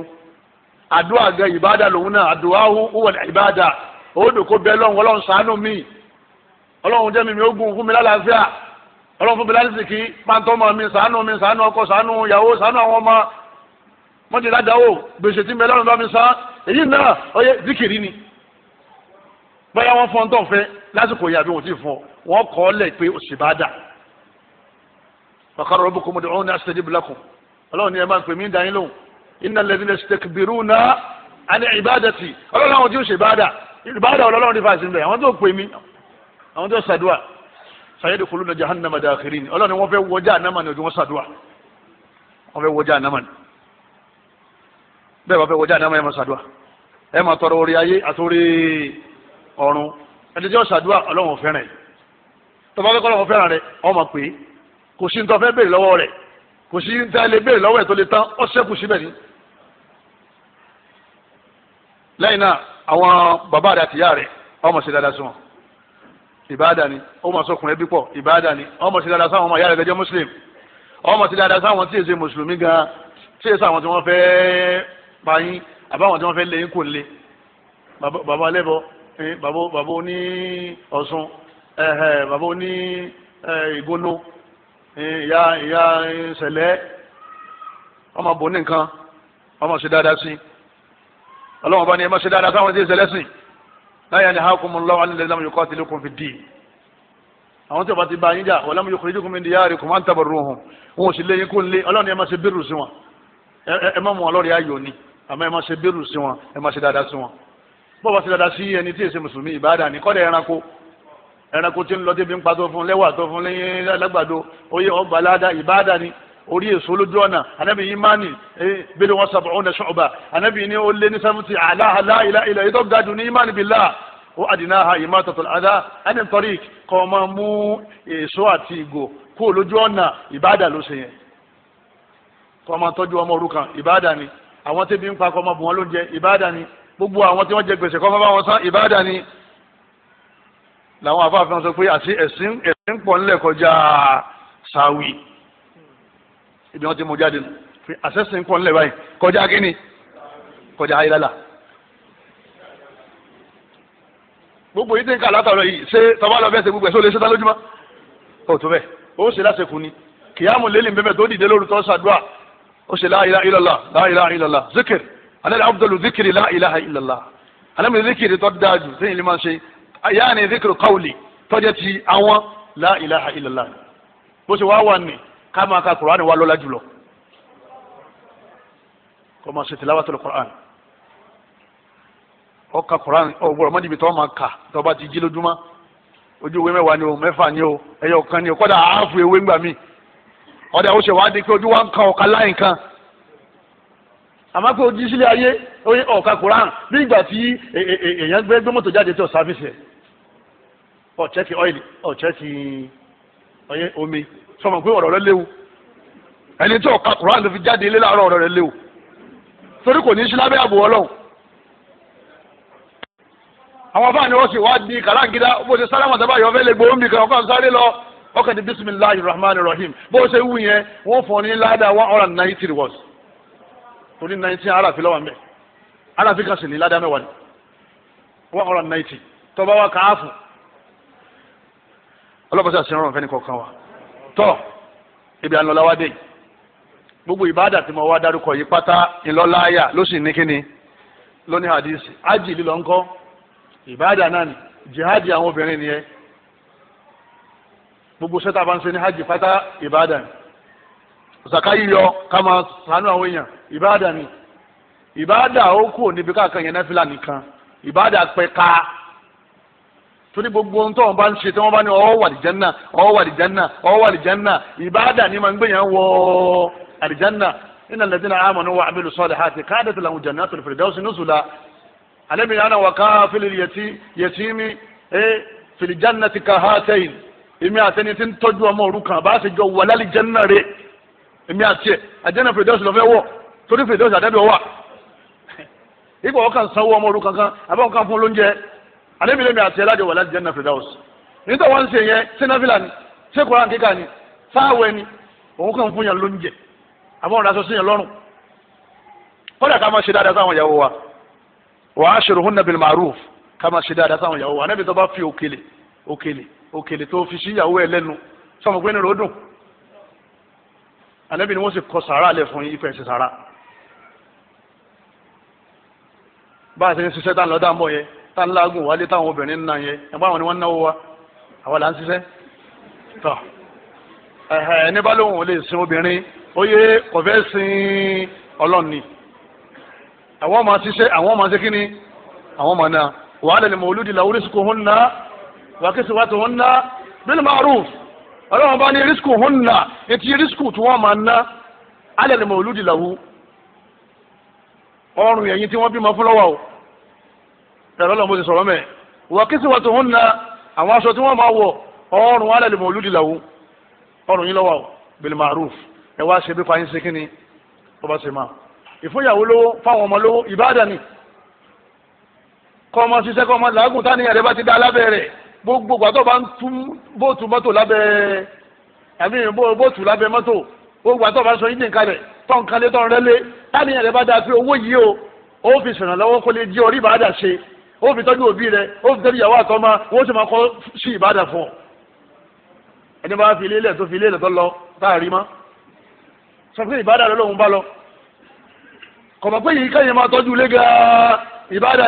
àdúrà gan ìbáàdà lòun náà àdúrà wúwọ̀ ìbáàdà ó dòkó bẹ́ẹ̀ lọ́hùn ọlọ́run ṣàánú mi ọlọ́run jẹ́ mi mi ó gun fún mi lálàáfíà ọlọ́run fún mi lálẹ́sìkì pàǹtọ́mọ mi ṣàánú mi ṣàánú ọkọ ṣàánú ìyàwó ṣàánú àwọn ọmọ mọ́tì ládàáwò gbèsè tí mẹlẹ́rùn bá mi sá èyí náà ọyẹ zikiri ni báyà wọn fọ́n tán fẹ́ lásìkò yìí àbí wọn ti fọ́ wọn kọ́ ọ lẹ̀ pé òsì bá dà bàkàrọ̀ rabbukum ud'uni astajib lakum ọlọ́run ni ẹ máa ń pè mí dání lóhùn innal ladhina yastakbiruna an ibadati ọlọ́run àwọn tí ó ṣe ìbádà ìbádà ọlọ́run nípa ìsinmi àwọn tó pè mí àwọn tó ṣàdúà sayadkhuluna jahannama dakhirin ọlọ́run ni wọ́n fẹ́ wọjá ànámà ni ojú wọn ṣàdúà wọ́n fẹ́ wọjá ànámà ni bẹ́ẹ̀ bá fẹ́ wọjá ní ẹ máa ṣàdúrà ẹ máa tọrọ orí ayé àtòrí ọ̀run ẹni tí ó ṣàdúrà ọlọ́run fẹ́ràn tó bá fẹ́ kọ́lọ́run fẹ́ràn rẹ ọmọ pé kò sí nítorí fẹ́ béèrè lọ́wọ́ rẹ kò sí nítorí lè béèrè lọ́wọ́ ẹ̀ tó lè tán ó ṣẹ́kù síbẹ̀ ni. lẹ́yìn náà àwọn bàbá rẹ àtìyá rẹ ọmọ sí dáadáa sí ìbáàdà ni ọmọ sọkùnrin ẹbí pọ̀ ìbáàdà ni ọmọ sí dáadáa sáwọn ọmọ ìyá rẹ gẹ́gẹ́ mùsùlùmí ọmọ sí dáadáa sáwọn tí èsè mùsùlùmí gan tí èsè àwọn tí wọ́n fẹ́ẹ́ pa yín àbáwọn tí wọ́n fẹ́ lé yín kò lé bàbá lẹ́bọ bàbá oní ọ̀sùn bàbá oní ìgbónú ìyá ìyá ìṣẹ̀lẹ̀ ọmọ bò ní nǹkan ọmọ ṣe dáadáa sí ọlọ́wọ́n bá ní ẹ má ṣe dáadáa sáwọn tí ìṣẹ̀lẹ̀ sìn láyé ni hakumullahu alladhina lam yuqatilukum fid din àwọn tí ó bá ti bá yín jà wa lam yukhrijukum min diyarikum an tabarruhum wọn ò sì léyìn kó lé ọlọ́run ẹ má ṣe bírù sí wọn ẹ má mú ọlọ́run ayò ni àmọ́ ẹ máa ṣe bírù sí wọn ẹ máa ṣe dáadáa sí wọn bọ́ọ̀ bá ṣe dáadáa sí ẹni tí èsì mùsùlùmí ìbáàdà ní kọ́dà ẹranko ẹranko tí ń lọ débi ń pa tó fún lẹ́wà tó fún lẹ́yìn alágbàdo oyè ọba aláda ìbáàdà ni orí èso lójú ọ̀nà anabi imani bẹ́ẹ̀ wọ́n sábà ọ̀nà ṣọ́ọ̀bà anabi ni ó lé ní sẹ́fúntì aláhàlá ilà ilà yìí tó ga jù ní imani bìlá ó àdínáha ìmọ̀tọ̀tọ̀ àdá ẹni tọ́rí kọ́ ọ máa mú èso àti ìgò kó lójú ọ̀nà ìbáàdà ló ṣe yẹn kọ́ ọ máa tọ́jú ọmọ òrukàn ìbáàdà ni àwọn tẹ́bi ń pa kọ́ ọmọ bù wọn lóúnjẹ ìbáàdà ni gbogbo àwọn tí wọ́n jẹ gbèsè kọ́ ọmọ bá wọn san ìbáàdà ni làwọn afáfẹ́ sọ pé àti ẹ̀sìn ẹ̀sìn pọ̀ ńlẹ̀ kọjá sáwì ibi wọn ti mú jáde fi àṣẹ̀sìn pọ̀ ńlẹ̀ báyìí kọjá kínní kọjá ayélujára gbogbo yìí ti ń kà látàrọ yìí ṣé tọ́ba lọ bẹ́ẹ̀ ṣe gbogbo ẹ̀ sóò lè ṣe tá lójúmọ́ ó tó bẹ́ẹ̀ ó ṣe lásìkò ni kìyàmù lélẹ̀ tó dìde lóru tó ó ṣe la ilaha illallah la ilaha illallah zikir alẹ́ abdul zikiri la ilaha illallah alẹ́ mi zikiri tó dáa jù sẹ́yìn lè máa ṣe yaani zikiri kawli tọ́jẹ́ ti àwọn la ilaha illallah bó ṣe wá wà ní ká máa ka Qur'an wà lọ́la jùlọ kó máa ṣe tilawatul Qur'an ó ka Qur'an ọ̀gbọ̀n ọmọdé ibi tó máa kà tó bá ti jí lójúmọ́ ojú ìwé mẹ́wàá ni o mẹ́fà ni o ẹ̀yọ̀ kan ni o kọ́dà àáfù ewé ńgbà míì ọ̀dà ó ṣe wá di pé ojú wa ń kan ọ̀ka láì nǹkan àmọ́ pé ojú sílé ayé ọ̀ka koran bí ìgbà tí e, e, e, èèyàn gbé gbé mọ́tò jáde tó sáfíìsì ẹ̀ ọ̀chẹ́kì ọ́ìlì ọ̀chẹ́kì ọ̀yẹ́ omi sọmọ pé ọ̀rọ̀ rẹ léwu ẹni tí ọ̀ka koran ló fi jáde ilé láàárọ̀ ọ̀rọ̀ rẹ léwu torí kò ní í sí lábẹ́ ààbò ọlọ́run àwọn afáàní wọ́n sì wá di kàláǹgídá bó ṣe sáré àwọn àtàbáyọ̀ fẹ́ lè gbóhùn mi kan ọkọ̀ sáré lọ ọkàn ní bisimilahi rahman rahim bó ṣe wù yẹn wọ́n fọ ní ládàá one hundred and ninety rewards torí nineteen arafi lọ́wọ́ mẹ́ arafi kan sì ní ládàá mẹ́wàá ni one hundred and ninety tọ́ba wa káàfù ọlọ́pàá sàṣẹ ọ̀rọ̀ fẹ́ni kọ̀ọ̀kan wa tọ́ ibi ànlọ́lá wa dé gbogbo ìbáàdà tí mo wá dárúkọ yìí pátá ńlọ́láyà ló sì ní kíni lónìí hadisi ájì lílọ ńkọ́ ìbáàdà náà ni jihadi àwọn obìnrin nìyẹn gbogbo sẹ́tà bá ń ṣe ní hajj fata ìbádàn zaka yíyọ ká máa sànú àwọn èèyàn ìbádàn ni ìbádà ó kù níbi káàkan yẹn náfìlà nìkan ìbádà pẹ̀ka torí gbogbo ohun tó wọn bá ń ṣe tí wọn bá ní ọwọ́ wà àlìjánná ọwọ́ wà àlìjánná ọwọ́ wà àlìjánná ìbádà ni máa ń gbé wọ àlìjánná innal ladhina amanu wa amilu salihati kanat lahum jannatul firdausi nuzula alẹ́mi eh, yàrá èmi àtẹni tí ń tọ́jú ọmọ òrukàn bá ṣe jọ wà lálẹ́ jẹ́nà rẹ̀ èmi àti ẹ̀ àjẹ́nà fèdọ́sì lọ́fẹ́ wọ̀ torí fèdọ́sì àdẹ́bí ọwà ipò ọkàn sanwó ọmọ òrukàn kan àbọ̀ kan fún lóúnjẹ àdẹ́bí lèmi àti ẹ̀ lájọ wà lálẹ́ jẹ́nà fèdọ́sì nítorí wọ́n ṣe yẹn sẹ́nàfìlà ni ṣé koran kíkà ni sáwẹ́ ni òun kàn fún yàn lóúnjẹ àbọ̀ ọ̀rọ̀ aṣọ sí yàn lọ́rùn kódà ká máa ṣe dáadáa sáwọn ìyàwó wa wa ashiruhunna bil ma'ruf ká máa ṣe dáadáa sáwọn ìyàwó wa anábì tó bá fi òkèlè òkèlè òkèlè tó fi síyàwó ẹ lẹ́nu sọmọ pé nírò ó dùn ni wọ́n sì kọ sàrà lẹ̀ fún ife ẹ̀sìn sàrà bá a ti ń ṣiṣẹ́ tá à lọ dá mọ́ tá à lágùn wálé táwọn obìnrin ń na yẹn ẹ̀gbọ́n àwọn ni wọ́n ń náwó wa àwa là ń ṣiṣẹ́ tọ̀ ẹ̀hẹ̀ ní bá lóun ò lè sin obìnrin ó yẹ kò fẹ́ sin ọlọ́ọ̀ni àwọn ọmọ ṣiṣẹ́ àwọn ọmọ ṣe kí ni àwọn ọmọ náà wàhálà ni mòlúdi làwọn oríṣi kò hún náà wa بالمعروف، bil باني ọlọ́run bá ní rísíkù hunna etí rísíkù tí wọ́n máa ná ala al mawludi lahu ọrùn ẹ̀yìn tí wọ́n bímọ fúlọ́wọ́ o tẹ̀lé ọlọ́run bó ti sọ̀rọ̀ mẹ́ wa kiswatuhunna àwọn aṣọ tí wọ́n máa wọ̀ ọrùn ala al mawludi lahu ọrùn yín lọ́wọ́ o ma'ruf ẹ wá ṣe bí fàyín ṣe kíni tó bá ṣe máa ìfúnyàwó lówó fáwọn ọmọ lówó ìbáàdà ni kọ́ ọmọ ṣiṣẹ́ kọ́ ọmọ làágùn táníyàn rẹ bá ti dá alábẹ́rẹ́ gbogbo gbàtọ́ bá ń tú bóòtù mọ́tò lábẹ́ àbí bóòtù lábẹ́ mọ́tò gbogbo gbàtọ́ bá ń sọ yín nìkan rẹ̀ tọ́n kan lé tọ́n rẹ́lé táàmì yẹn rẹ̀ bá dáa pé owó yìí o ó fi sọ̀nà lọ́wọ́ kó lè di orí ìbáradà ṣe ó fi tọ́jú òbí rẹ̀ ó fi tọ́jú ìyàwó àtọ́mọ owó sì máa kọ́ sí ìbáradà fún ọ. ẹni bá fi ilé ilẹ̀ tó fi ilé ilẹ̀ tó lọ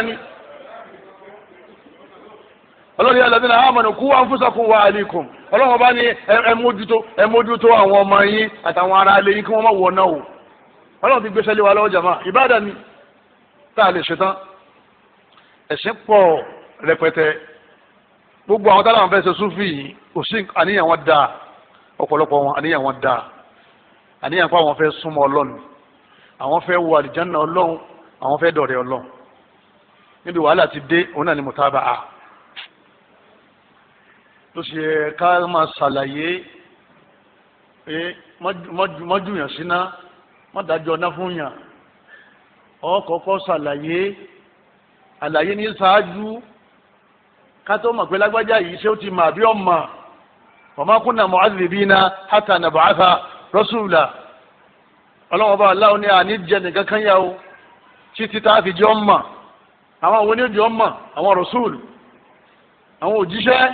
ni ọlọ́run yà lọ́dún náà àmọ̀nà kú wa ń fúnṣà fún wa àlékún ọlọ́run bá ní ẹ mójútó ẹ mójútó àwọn ọmọ yín àtàwọn ará ilé yín kí wọ́n má wọ̀ náà o ọlọ́run ti gbéṣẹ́ lé wa lọ́wọ́ jàmá ìbáàdà ni tá a lè ṣe tán ẹ̀sìn pọ̀ rẹpẹtẹ gbogbo àwọn táwọn fẹ́ ṣe yìí kò sí àníyàn wọn dáa ọ̀pọ̀lọpọ̀ wọn àníyàn wọn dáa àníyàn pé àwọn fẹ́ súnmọ́ ọlọ́run tó sì yẹ ká máa ṣàlàyé pé mọ́júyàn síná mọ́dájọ́ ọ̀nà fún yàn ọkọ̀ọ̀kọ́ ṣàlàyé àlàyé ní ṣáájú ká tó mọ̀ pé lágbájá yìí ṣé ó ti mà bí ọ̀mà ọ̀mà kúnnà mu'adhibina hatta nab'atha rasula ọlọ́wọ́n bá aláwọ̀ ní àníjẹ nìkan kan yà ó títí tá a fi jẹ́ ọ̀mà àwọn àwọn oníjẹ́ ọ̀mà àwọn rasúlù àwọn òjíṣẹ́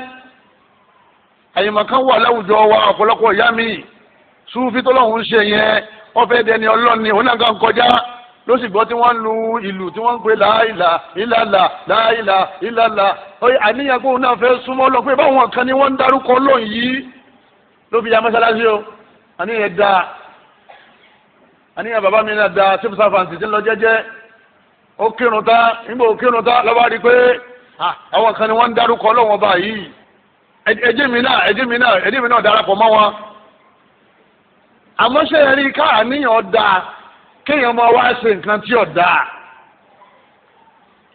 àyèmọ̀kan wà láwùjọ wa ọ̀pọ̀lọpọ̀ ìyá mi sùúfì tọ́lọ́hún ń ṣe yẹn ọ̀fẹ́ dẹni ọlọ́ni òun náà kàn kọjá ló sì gbọ́ tí wọ́n lu ìlù tí wọ́n ń pè láìlà ìlàlà láìlà ìlàlà àníyàn pé òun náà fẹ́ súnmọ́ lọ pé báwọn kan ni wọ́n ń darúkọ lóyún yìí ló fi ya mọ́ṣáláṣí o àníyàn dáa àníyàn bàbá mi náà da civil servant ti ń lọ jẹ́jẹ́ ó kírun tá nígbà ó kírun tá lọ́wọ́ rí pé ah, àwọn kan ni wọ́n ń darúkọ lọ́wọ́ báyìí Eji mi náà ẹjẹ́ mi náà ẹjẹ́ mi náà darapọ̀ mọ́ wọn. àmọ́ ṣe é rí ká àníyàn da kéèyàn máa wá ṣe nǹkan tí ò da.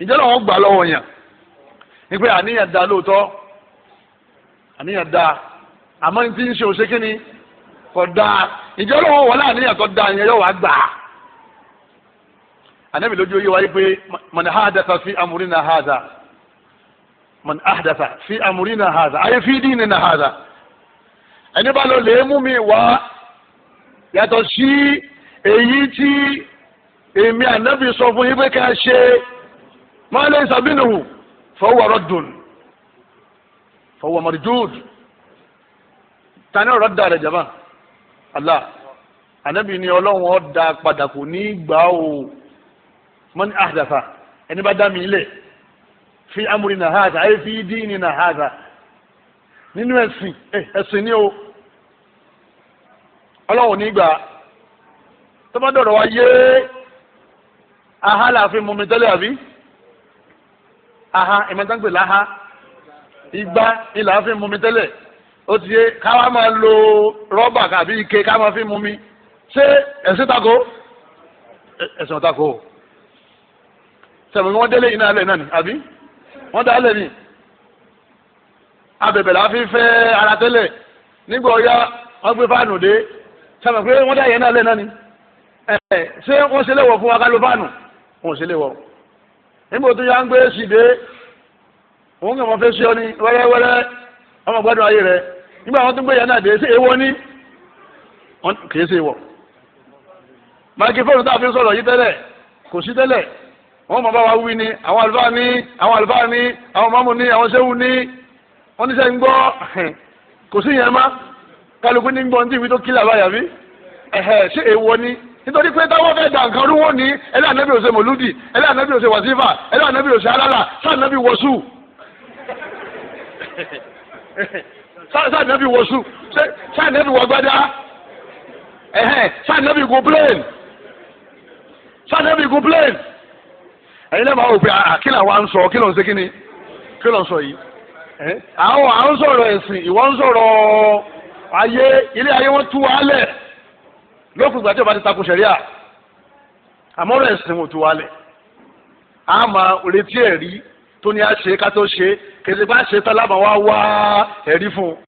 ìjọba wọn gbà lọ́wọ́ yàn ni pé àníyàn da lóòótọ́ àníyàn da àmọ́ ní tí ń ṣe òṣèké ni kò da ìjọba wọn wọlé àníyàn tó da yẹn yóò wá gbà ànábì lójú wáyé pé mọ̀nà amúrínà man ahdasa fi amurina haza ayé fi dinina haza ẹni bá lọ lè mú mi wá yàtọ̀ sí èyí tí èmi ànábì sọ fún yín pé ká ṣe máa lè sàbínú fọwọ́ rọ́dùn fọwọ́ mọ̀rìjúd tani ọ̀rọ̀ da rẹ̀ jama Allah ànábì ni ọlọ́run ọ̀dà padà kò ní gbà ó mọ́ni àdàfà ẹni bá dá mi ilẹ̀ fi amúri nà hàdà ayé fi díìnì nà hàdà nínú ẹ̀sìn eh, ẹ̀sìn ni o ọlọ́run nígbà tọ́mọdọ̀rọ̀ wa yé aha làáfin mumi tẹ́lẹ̀ àbí aha ìmọ̀tánpẹ̀ láha igba ìlàáfin mumi tẹ́lẹ̀ ó ti yé káwa máa lo rọ́bà àbí ike ká máa fi mumi ṣé ẹ̀sìn tako ẹ̀sìn tako sẹ̀mọ̀ wọn délé iná alẹ́ náà wọ́n dá lẹ́ni abẹ̀bẹ̀ la fi fẹ́ ara tẹ́lẹ̀ nígbà ọ̀ya wọ́n gbé fáànù dé sábà pé wọ́n dá yẹn náà lẹ́nà ni ẹ̀ ṣé wọ́n ṣe léwọ̀ fún wa ká ló fáànù wọ́n ṣe léwọ̀ nígbà tó yá ń gbé sì dé òun kàn wọ́n fẹ́ ṣe ọ ní wẹ́rẹ́wẹ́rẹ́ ọmọ gbádùn ayé rẹ̀ nígbà wọ́n tún gbé yẹn náà dé ṣé èèwọ̀ ni kì í ṣe èèwọ̀ máikrófóònù tá a fi sọ̀rọ̀ yìí tẹ́lẹ̀ kò sí tẹ́lẹ̀ wọ́n mọ̀ bá wa wí ni àwọn àlùfáà ní àwọn àlùfáà ní àwọn mọ́mù ní àwọn sẹ́wù ní wọ́n níṣẹ́ ń gbọ́ *laughs* kò sí yẹn má kálukú ní gbọ́n tí ìwé tó kílà báyà bí ẹ̀hẹ̀ ṣé èèwọ̀ ni nítorí pé táwọn fẹ́ dà nǹkan rú wọn ní ẹlẹ́ ànábì òsè mòlúdì ẹlẹ́ ànábì òsè wàsífà ẹlẹ́ ànábì òsè alálà sáànábì wọ̀ṣù sáànábì *laughs* wọ̀ṣù sáànábì wọ̀gbádá ẹ̀hẹ̀ sáànábì gùn plane sáànábì gùn ẹ̀yin náà máa wò pé àkìlà ah, wa ń sọ kí ló ń ṣe kí ni kí ló ń sọ yìí àwọn à ń sọ̀rọ̀ ẹ̀sìn ìwọ ń sọ̀rọ̀ ayé ilé ayé wọn tú wa lẹ̀ lókùn ìgbà tí ọba ti takò sẹ̀ríà àmọ́ ọ̀rọ̀ ẹ̀sìn wọn tú wa lẹ̀ a máa retí ẹ̀rí tó ní a ṣe ká tó ṣe kèsì ṣe tán lábàá wá wá ẹ̀rí fún un.